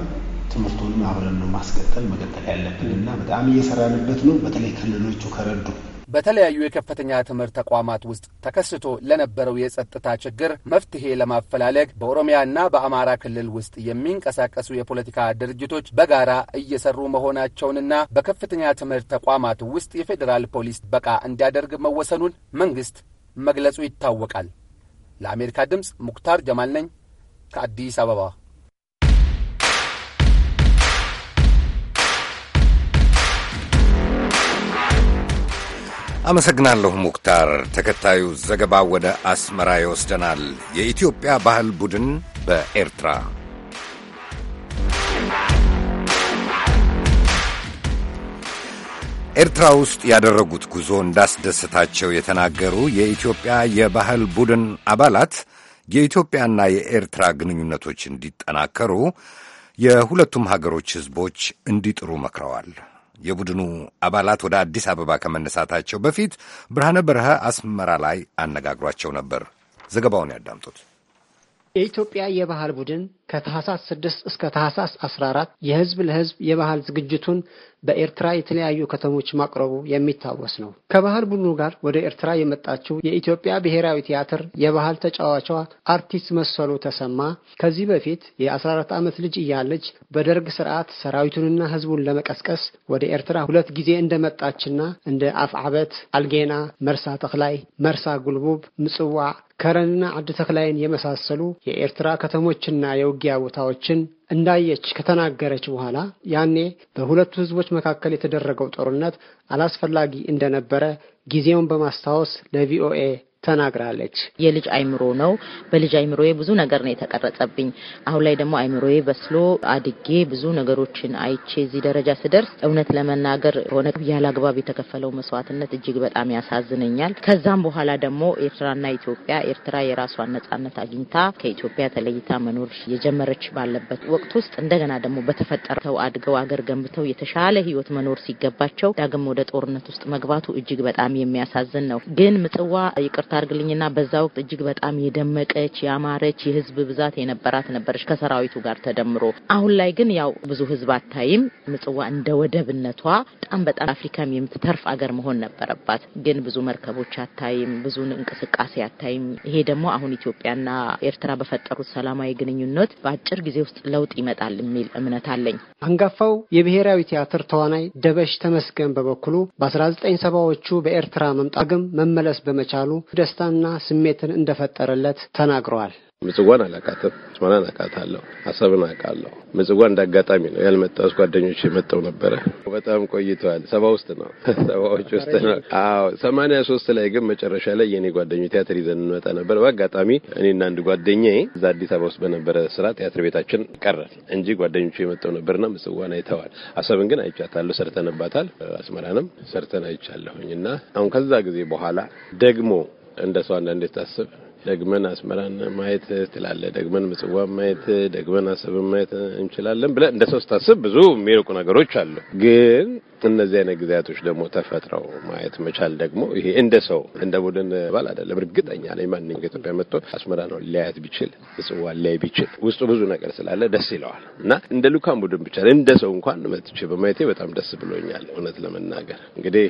ትምህርቱንም አብረን ነው ማስቀጠል መቀጠል ያለብን እና በጣም እየሰራንበት ነው። በተለይ ክልሎቹ ከረዱ በተለያዩ የከፍተኛ ትምህርት ተቋማት ውስጥ ተከስቶ ለነበረው የጸጥታ ችግር መፍትሄ ለማፈላለግ በኦሮሚያና በአማራ ክልል ውስጥ የሚንቀሳቀሱ የፖለቲካ ድርጅቶች በጋራ እየሰሩ መሆናቸውንና በከፍተኛ ትምህርት ተቋማት ውስጥ የፌዴራል ፖሊስ በቃ እንዲያደርግ መወሰኑን መንግስት መግለጹ ይታወቃል። ለአሜሪካ ድምፅ ሙክታር ጀማል ነኝ ከአዲስ አበባ። አመሰግናለሁ ሙክታር። ተከታዩ ዘገባ ወደ አስመራ ይወስደናል። የኢትዮጵያ ባህል ቡድን በኤርትራ ኤርትራ ውስጥ ያደረጉት ጉዞ እንዳስደሰታቸው የተናገሩ የኢትዮጵያ የባህል ቡድን አባላት የኢትዮጵያና የኤርትራ ግንኙነቶች እንዲጠናከሩ የሁለቱም ሀገሮች ሕዝቦች እንዲጥሩ መክረዋል። የቡድኑ አባላት ወደ አዲስ አበባ ከመነሳታቸው በፊት ብርሃነ በረሃ አስመራ ላይ አነጋግሯቸው ነበር። ዘገባውን ያዳምጡት። የኢትዮጵያ የባህል ቡድን ከታህሳስ 6 እስከ ታህሳስ 14 የህዝብ ለህዝብ የባህል ዝግጅቱን በኤርትራ የተለያዩ ከተሞች ማቅረቡ የሚታወስ ነው። ከባህል ቡድኑ ጋር ወደ ኤርትራ የመጣችው የኢትዮጵያ ብሔራዊ ቲያትር የባህል ተጫዋቿ አርቲስት መሰሉ ተሰማ ከዚህ በፊት የ14 ዓመት ልጅ እያለች በደርግ ስርዓት ሰራዊቱንና ህዝቡን ለመቀስቀስ ወደ ኤርትራ ሁለት ጊዜ እንደመጣችና እንደ አፍዓበት፣ አልጌና፣ መርሳ ተክላይ፣ መርሳ ጉልቡብ፣ ምጽዋዕ ከረንና አዲ ተክላይን የመሳሰሉ የኤርትራ ከተሞችና የውጊያ ቦታዎችን እንዳየች ከተናገረች በኋላ ያኔ በሁለቱ ህዝቦች መካከል የተደረገው ጦርነት አላስፈላጊ እንደነበረ ጊዜውን በማስታወስ ለቪኦኤ ተናግራለች። የልጅ አይምሮ ነው። በልጅ አይምሮዬ ብዙ ነገር ነው የተቀረጸብኝ። አሁን ላይ ደግሞ አይምሮዬ በስሎ አድጌ ብዙ ነገሮችን አይቼ እዚህ ደረጃ ስደርስ እውነት ለመናገር ሆነ ያለ አግባብ የተከፈለው መስዋዕትነት እጅግ በጣም ያሳዝነኛል። ከዛም በኋላ ደግሞ ኤርትራና ኢትዮጵያ ኤርትራ የራሷን ነጻነት አግኝታ ከኢትዮጵያ ተለይታ መኖር የጀመረች ባለበት ወቅት ውስጥ እንደገና ደግሞ በተፈጠረው አድገው አገር ገንብተው የተሻለ ህይወት መኖር ሲገባቸው ዳግም ወደ ጦርነት ውስጥ መግባቱ እጅግ በጣም የሚያሳዝን ነው። ግን ምጽዋ ይቅርታ ታርግልኝና በዛ ወቅት እጅግ በጣም የደመቀች ያማረች የህዝብ ብዛት የነበራት ነበረች ከሰራዊቱ ጋር ተደምሮ። አሁን ላይ ግን ያው ብዙ ህዝብ አታይም። ምጽዋ እንደ ወደብነቷ በጣም በጣም አፍሪካም የምትተርፍ አገር መሆን ነበረባት። ግን ብዙ መርከቦች አታይም፣ ብዙ እንቅስቃሴ አታይም። ይሄ ደግሞ አሁን ኢትዮጵያና ኤርትራ በፈጠሩት ሰላማዊ ግንኙነት በአጭር ጊዜ ውስጥ ለውጥ ይመጣል የሚል እምነት አለኝ። አንጋፋው የብሔራዊ ቲያትር ተዋናይ ደበሽ ተመስገን በበኩሉ በ1970ዎቹ በኤርትራ መምጣት መመለስ በመቻሉ ደስታና ስሜትን እንደፈጠረለት ተናግረዋል። ምጽዋን አላቃትም። አስመራን አቃታለሁ። አሰብን አውቃለሁ። ምጽዋን እንዳጋጣሚ ነው ያልመጣሁት። ጓደኞች የመጠው ነበረ። በጣም ቆይተዋል። ሰባ ውስጥ ነው ሰባዎች ውስጥ ነው። አዎ ሰማንያ ሶስት ላይ ግን መጨረሻ ላይ የእኔ ጓደኞች ቲያትር ይዘን እንመጣ ነበር። በአጋጣሚ እኔና አንድ ጓደኛ እዛ አዲስ አበባ ውስጥ በነበረ ስራ ቲያትር ቤታችን ቀረን እንጂ ጓደኞቹ የመጣው ነበርና ምጽዋን አይተዋል። አሰብን ግን አይቻታለሁ። ሰርተንባታል። አስመራንም ሰርተን አይቻለሁኝ እና አሁን ከዛ ጊዜ በኋላ ደግሞ እንደ እሷ አንዳንዴ ታስብ ደግመን አስመራን ማየት ትላለ ደግመን ምጽዋ ማየት፣ ደግመን አሰብን ማየት እንችላለን ብለ እንደ ሰው ስታስብ ብዙ የሚርቁ ነገሮች አሉ። ግን እነዚህ አይነት ጊዜያቶች ደግሞ ተፈጥረው ማየት መቻል ደግሞ ይሄ እንደ ሰው እንደ ቡድን ባል አደለም እርግጠኛ ነኝ ማንኛውም ከኢትዮጵያ መጥቶ አስመራ ነው ሊያያት ቢችል ምጽዋ ላይ ቢችል ውስጡ ብዙ ነገር ስላለ ደስ ይለዋል። እና እንደ ሉካን ቡድን ብቻ እንደ ሰው እንኳን መጥቼ በማየቴ በጣም ደስ ብሎኛል። እውነት ለመናገር እንግዲህ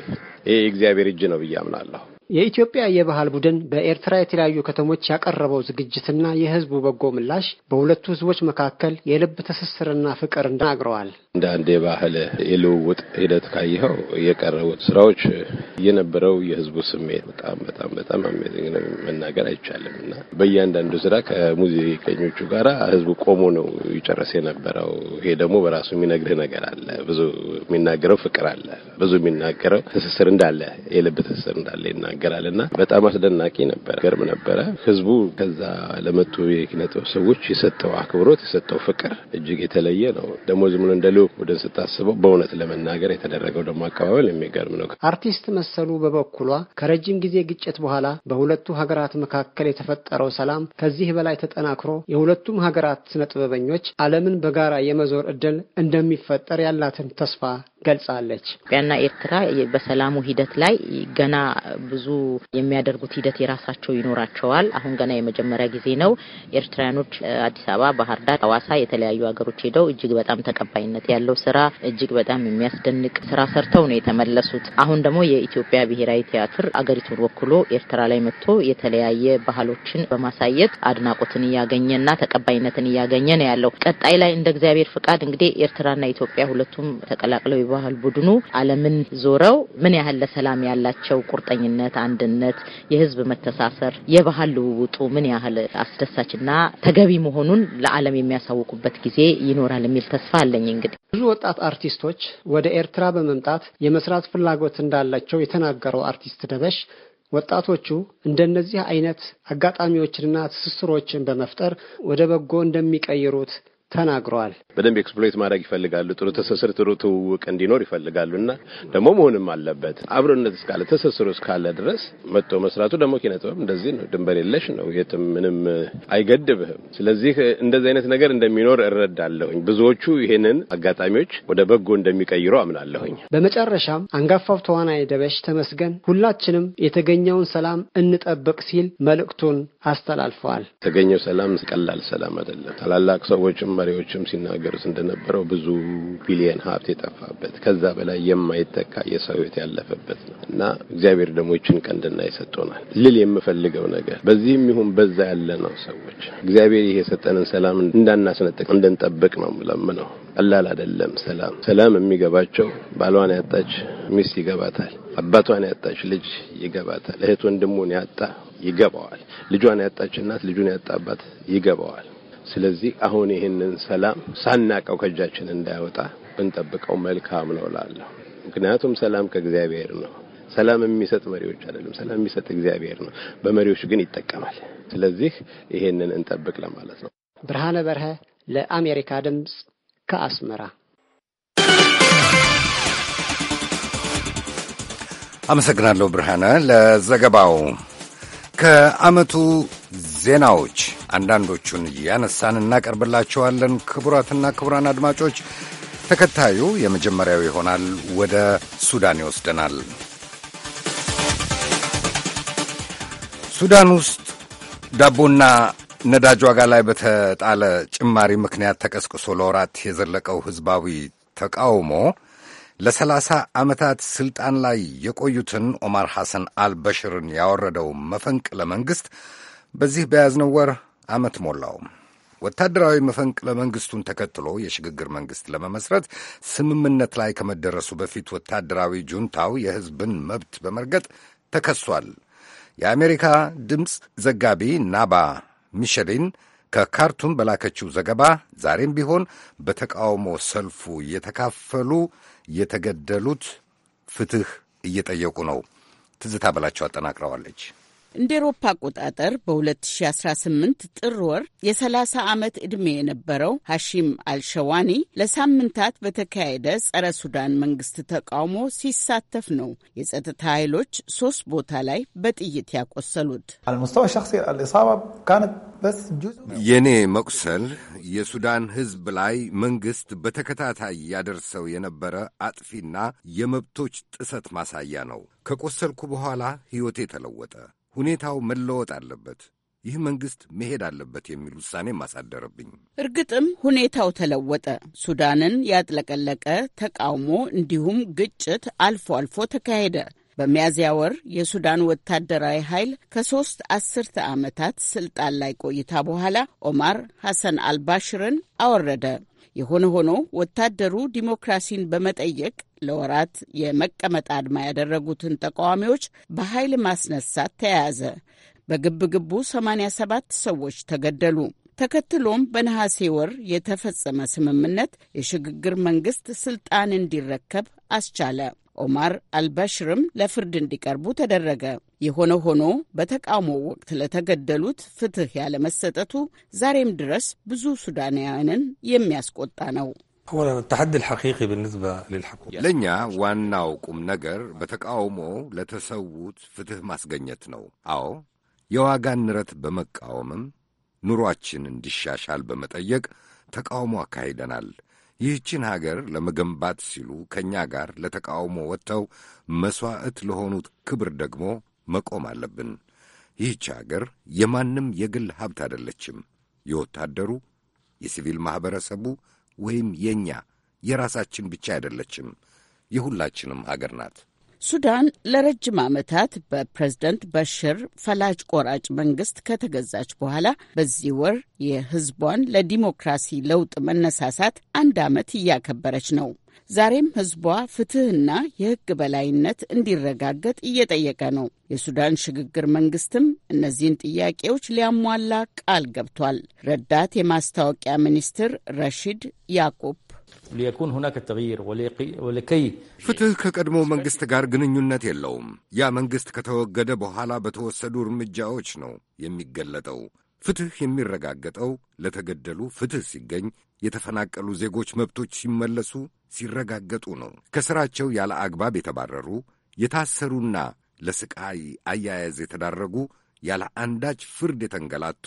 ይሄ እግዚአብሔር እጅ ነው ብዬ አምናለሁ። የኢትዮጵያ የባህል ቡድን በኤርትራ የተለያዩ ከተሞች ያቀረበው ዝግጅትና የህዝቡ በጎ ምላሽ በሁለቱ ህዝቦች መካከል የልብ ትስስርና ፍቅር ተናግረዋል። እንደ አንድ የባህል የልውውጥ ሂደት ካየኸው የቀረቡት ስራዎች የነበረው የህዝቡ ስሜት በጣም በጣም በጣም አሜዚንግ ነው፣ መናገር አይቻልም። እና በእያንዳንዱ ስራ ከሙዚቀኞቹ ጋር ህዝቡ ቆሞ ነው ይጨረስ የነበረው። ይሄ ደግሞ በራሱ የሚነግርህ ነገር አለ። ብዙ የሚናገረው ፍቅር አለ፣ ብዙ የሚናገረው ትስስር እንዳለ የልብ ትስስር እንዳለ ይናገ ይናገራል እና በጣም አስደናቂ ነበረ፣ ገርም ነበረ። ህዝቡ ከዛ ለመጡ የኪነ ሰዎች የሰጠው አክብሮት የሰጠው ፍቅር እጅግ የተለየ ነው። ደግሞ ዝሙን እንደ ልውውድን ስታስበው በእውነት ለመናገር የተደረገው ደግሞ አቀባበል የሚገርም ነው። አርቲስት መሰሉ በበኩሏ ከረጅም ጊዜ ግጭት በኋላ በሁለቱ ሀገራት መካከል የተፈጠረው ሰላም ከዚህ በላይ ተጠናክሮ የሁለቱም ሀገራት ስነ ጥበበኞች ዓለምን በጋራ የመዞር እድል እንደሚፈጠር ያላትን ተስፋ ገልጻለች። ኢትዮጵያና ኤርትራ በሰላሙ ሂደት ላይ ገና ብዙ የሚያደርጉት ሂደት የራሳቸው ይኖራቸዋል። አሁን ገና የመጀመሪያ ጊዜ ነው። ኤርትራያኖች አዲስ አበባ፣ ባህር ዳር፣ የተለያዩ ሀገሮች ሄደው እጅግ በጣም ተቀባይነት ያለው ስራ እጅግ በጣም የሚያስደንቅ ስራ ሰርተው ነው የተመለሱት። አሁን ደግሞ የኢትዮጵያ ብሔራዊ ቲያትር አገሪቱን ወክሎ ኤርትራ ላይ መጥቶ የተለያየ ባህሎችን በማሳየት አድናቆትን እያገኘና ተቀባይነትን እያገኘ ነው ያለው። ቀጣይ ላይ እንደ እግዚአብሔር ፍቃድ እንግዲህ ኤርትራና ኢትዮጵያ ሁለቱም ተቀላቅለው ባህል ቡድኑ ዓለምን ዞረው ምን ያህል ለሰላም ያላቸው ቁርጠኝነት፣ አንድነት፣ የህዝብ መተሳሰር፣ የባህል ልውውጡ ምን ያህል አስደሳችና ተገቢ መሆኑን ለዓለም የሚያሳውቁበት ጊዜ ይኖራል የሚል ተስፋ አለኝ። እንግዲህ ብዙ ወጣት አርቲስቶች ወደ ኤርትራ በመምጣት የመስራት ፍላጎት እንዳላቸው የተናገረው አርቲስት ደበሽ ወጣቶቹ እንደነዚህ አይነት አጋጣሚዎችንና ትስስሮችን በመፍጠር ወደ በጎ እንደሚቀይሩት ተናግረዋል። በደንብ ኤክስፕሎይት ማድረግ ይፈልጋሉ። ጥሩ ትስስር፣ ጥሩ ትውውቅ እንዲኖር ይፈልጋሉ እና ደግሞ መሆንም አለበት። አብሮነት እስካለ ትስስሩ እስካለ ድረስ መጥቶ መስራቱ ደግሞ ኪነጥበብ እንደዚህ ነው፣ ድንበር የለሽ ነው፣ የትም ምንም አይገድብህም። ስለዚህ እንደዚህ አይነት ነገር እንደሚኖር እረዳለሁኝ። ብዙዎቹ ይህንን አጋጣሚዎች ወደ በጎ እንደሚቀይሩ አምናለሁኝ። በመጨረሻም አንጋፋው ተዋናይ ደበሽ ተመስገን ሁላችንም የተገኘውን ሰላም እንጠብቅ ሲል መልእክቱን አስተላልፈዋል። የተገኘው ሰላም ቀላል ሰላም አይደለም። ታላላቅ ሰዎችም መሪዎችም ሲናገ ሀገር እንደነበረው ብዙ ቢሊየን ሀብት የጠፋበት ከዛ በላይ የማይተካ የሰው ያለፈበት ነው እና እግዚአብሔር ደግሞ ይችን ቀን ልል የምፈልገው ነገር በዚህም ይሁን በዛ ያለ ነው ሰዎች እግዚአብሔር ይሄ የሰጠንን ሰላም እንዳናስነጥቅ እንድንጠብቅ ነው ምለምነው። ቀላል አይደለም። ሰላም ሰላም የሚገባቸው ባሏን ያጣች ሚስት ይገባታል። አባቷን ያጣች ልጅ ይገባታል። እህት ወንድሙን ያጣ ይገባዋል። ልጇን ያጣች እናት ልጁን ያጣ አባት ይገባዋል። ስለዚህ አሁን ይህንን ሰላም ሳናቀው ከእጃችን እንዳያወጣ ብንጠብቀው መልካም ነው እላለሁ። ምክንያቱም ሰላም ከእግዚአብሔር ነው። ሰላም የሚሰጥ መሪዎች አይደለም፣ ሰላም የሚሰጥ እግዚአብሔር ነው። በመሪዎች ግን ይጠቀማል። ስለዚህ ይሄንን እንጠብቅ ለማለት ነው። ብርሃነ በርሀ ለአሜሪካ ድምፅ ከአስመራ አመሰግናለሁ። ብርሃነ ለዘገባው ከዓመቱ ዜናዎች አንዳንዶቹን እያነሳን እናቀርብላችኋለን። ክቡራትና ክቡራን አድማጮች ተከታዩ የመጀመሪያው ይሆናል። ወደ ሱዳን ይወስደናል። ሱዳን ውስጥ ዳቦና ነዳጅ ዋጋ ላይ በተጣለ ጭማሪ ምክንያት ተቀስቅሶ ለወራት የዘለቀው ሕዝባዊ ተቃውሞ ለሰላሳ ዓመታት ሥልጣን ላይ የቆዩትን ኦማር ሐሰን አልበሽርን ያወረደው መፈንቅለ መንግሥት በዚህ በያዝነው ወር ዓመት ሞላው። ወታደራዊ መፈንቅለ መንግሥቱን ተከትሎ የሽግግር መንግሥት ለመመስረት ስምምነት ላይ ከመደረሱ በፊት ወታደራዊ ጁንታው የሕዝብን መብት በመርገጥ ተከሷል። የአሜሪካ ድምፅ ዘጋቢ ናባ ሚሸሊን ከካርቱም በላከችው ዘገባ ዛሬም ቢሆን በተቃውሞ ሰልፉ የተካፈሉ የተገደሉት ፍትህ እየጠየቁ ነው። ትዝታ በላቸው አጠናቅረዋለች። እንደ ኤሮፓ አቆጣጠር በ2018 ጥር ወር የ30 ዓመት ዕድሜ የነበረው ሐሺም አልሸዋኒ ለሳምንታት በተካሄደ ጸረ ሱዳን መንግስት ተቃውሞ ሲሳተፍ ነው የጸጥታ ኃይሎች ሶስት ቦታ ላይ በጥይት ያቆሰሉት። የኔ መቁሰል የሱዳን ሕዝብ ላይ መንግስት በተከታታይ ያደርሰው የነበረ አጥፊና የመብቶች ጥሰት ማሳያ ነው። ከቆሰልኩ በኋላ ሕይወቴ ተለወጠ። ሁኔታው መለወጥ አለበት፣ ይህ መንግሥት መሄድ አለበት የሚል ውሳኔም አሳደረብኝ። እርግጥም ሁኔታው ተለወጠ። ሱዳንን ያጥለቀለቀ ተቃውሞ እንዲሁም ግጭት አልፎ አልፎ ተካሄደ። በሚያዝያ ወር የሱዳን ወታደራዊ ኃይል ከሦስት አስርተ ዓመታት ስልጣን ላይ ቆይታ በኋላ ኦማር ሐሰን አልባሽርን አወረደ። የሆነ ሆኖ ወታደሩ ዲሞክራሲን በመጠየቅ ለወራት የመቀመጥ አድማ ያደረጉትን ተቃዋሚዎች በኃይል ማስነሳት ተያያዘ። በግብግቡ 87 ሰዎች ተገደሉ። ተከትሎም በነሐሴ ወር የተፈጸመ ስምምነት የሽግግር መንግስት ስልጣን እንዲረከብ አስቻለ። ኦማር አልበሽርም ለፍርድ እንዲቀርቡ ተደረገ። የሆነ ሆኖ በተቃውሞ ወቅት ለተገደሉት ፍትህ ያለመሰጠቱ ዛሬም ድረስ ብዙ ሱዳናውያንን የሚያስቆጣ ነው። ለእኛ ዋናው ቁም ነገር በተቃውሞ ለተሰዉት ፍትሕ ማስገኘት ነው። አዎ የዋጋን ንረት በመቃወምም ኑሯችን እንዲሻሻል በመጠየቅ ተቃውሞ አካሂደናል። ይህችን ሀገር ለመገንባት ሲሉ ከእኛ ጋር ለተቃውሞ ወጥተው መሥዋዕት ለሆኑት ክብር ደግሞ መቆም አለብን። ይህች አገር የማንም የግል ሀብት አይደለችም። የወታደሩ፣ የሲቪል ማኅበረሰቡ ወይም የእኛ የራሳችን ብቻ አይደለችም፣ የሁላችንም ሀገር ናት። ሱዳን ለረጅም ዓመታት በፕሬዝደንት በሽር ፈላጭ ቆራጭ መንግስት ከተገዛች በኋላ በዚህ ወር የህዝቧን ለዲሞክራሲ ለውጥ መነሳሳት አንድ ዓመት እያከበረች ነው። ዛሬም ህዝቧ ፍትህና የህግ በላይነት እንዲረጋገጥ እየጠየቀ ነው። የሱዳን ሽግግር መንግስትም እነዚህን ጥያቄዎች ሊያሟላ ቃል ገብቷል። ረዳት የማስታወቂያ ሚኒስትር ረሺድ ያዕቁብ ሊኩን ሁናከ ተግይር ወለከይ ፍትህ ከቀድሞ መንግሥት ጋር ግንኙነት የለውም። ያ መንግሥት ከተወገደ በኋላ በተወሰዱ እርምጃዎች ነው የሚገለጠው። ፍትሕ የሚረጋገጠው ለተገደሉ ፍትሕ ሲገኝ፣ የተፈናቀሉ ዜጎች መብቶች ሲመለሱ፣ ሲረጋገጡ ነው። ከሥራቸው ያለ አግባብ የተባረሩ የታሰሩና ለስቃይ አያያዝ የተዳረጉ ያለ አንዳች ፍርድ የተንገላቱ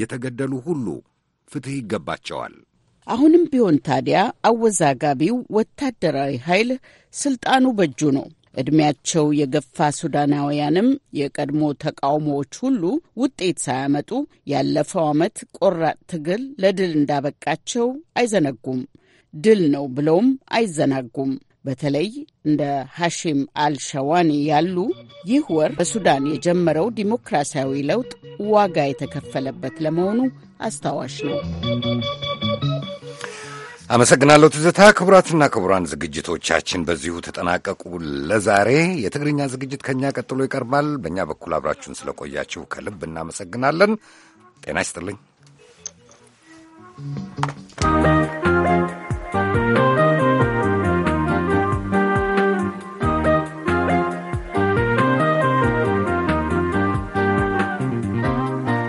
የተገደሉ ሁሉ ፍትሕ ይገባቸዋል። አሁንም ቢሆን ታዲያ አወዛጋቢው ወታደራዊ ኃይል ስልጣኑ በእጁ ነው። ዕድሜያቸው የገፋ ሱዳናውያንም የቀድሞ ተቃውሞዎች ሁሉ ውጤት ሳያመጡ ያለፈው ዓመት ቆራጥ ትግል ለድል እንዳበቃቸው አይዘነጉም። ድል ነው ብለውም አይዘናጉም። በተለይ እንደ ሐሺም አልሸዋኒ ያሉ ይህ ወር በሱዳን የጀመረው ዲሞክራሲያዊ ለውጥ ዋጋ የተከፈለበት ለመሆኑ አስታዋሽ ነው። አመሰግናለሁ ትዝታ። ክቡራትና ክቡራን ዝግጅቶቻችን በዚሁ ተጠናቀቁ ለዛሬ። የትግርኛ ዝግጅት ከእኛ ቀጥሎ ይቀርባል። በእኛ በኩል አብራችሁን ስለቆያችሁ ከልብ እናመሰግናለን። ጤና ይስጥልኝ።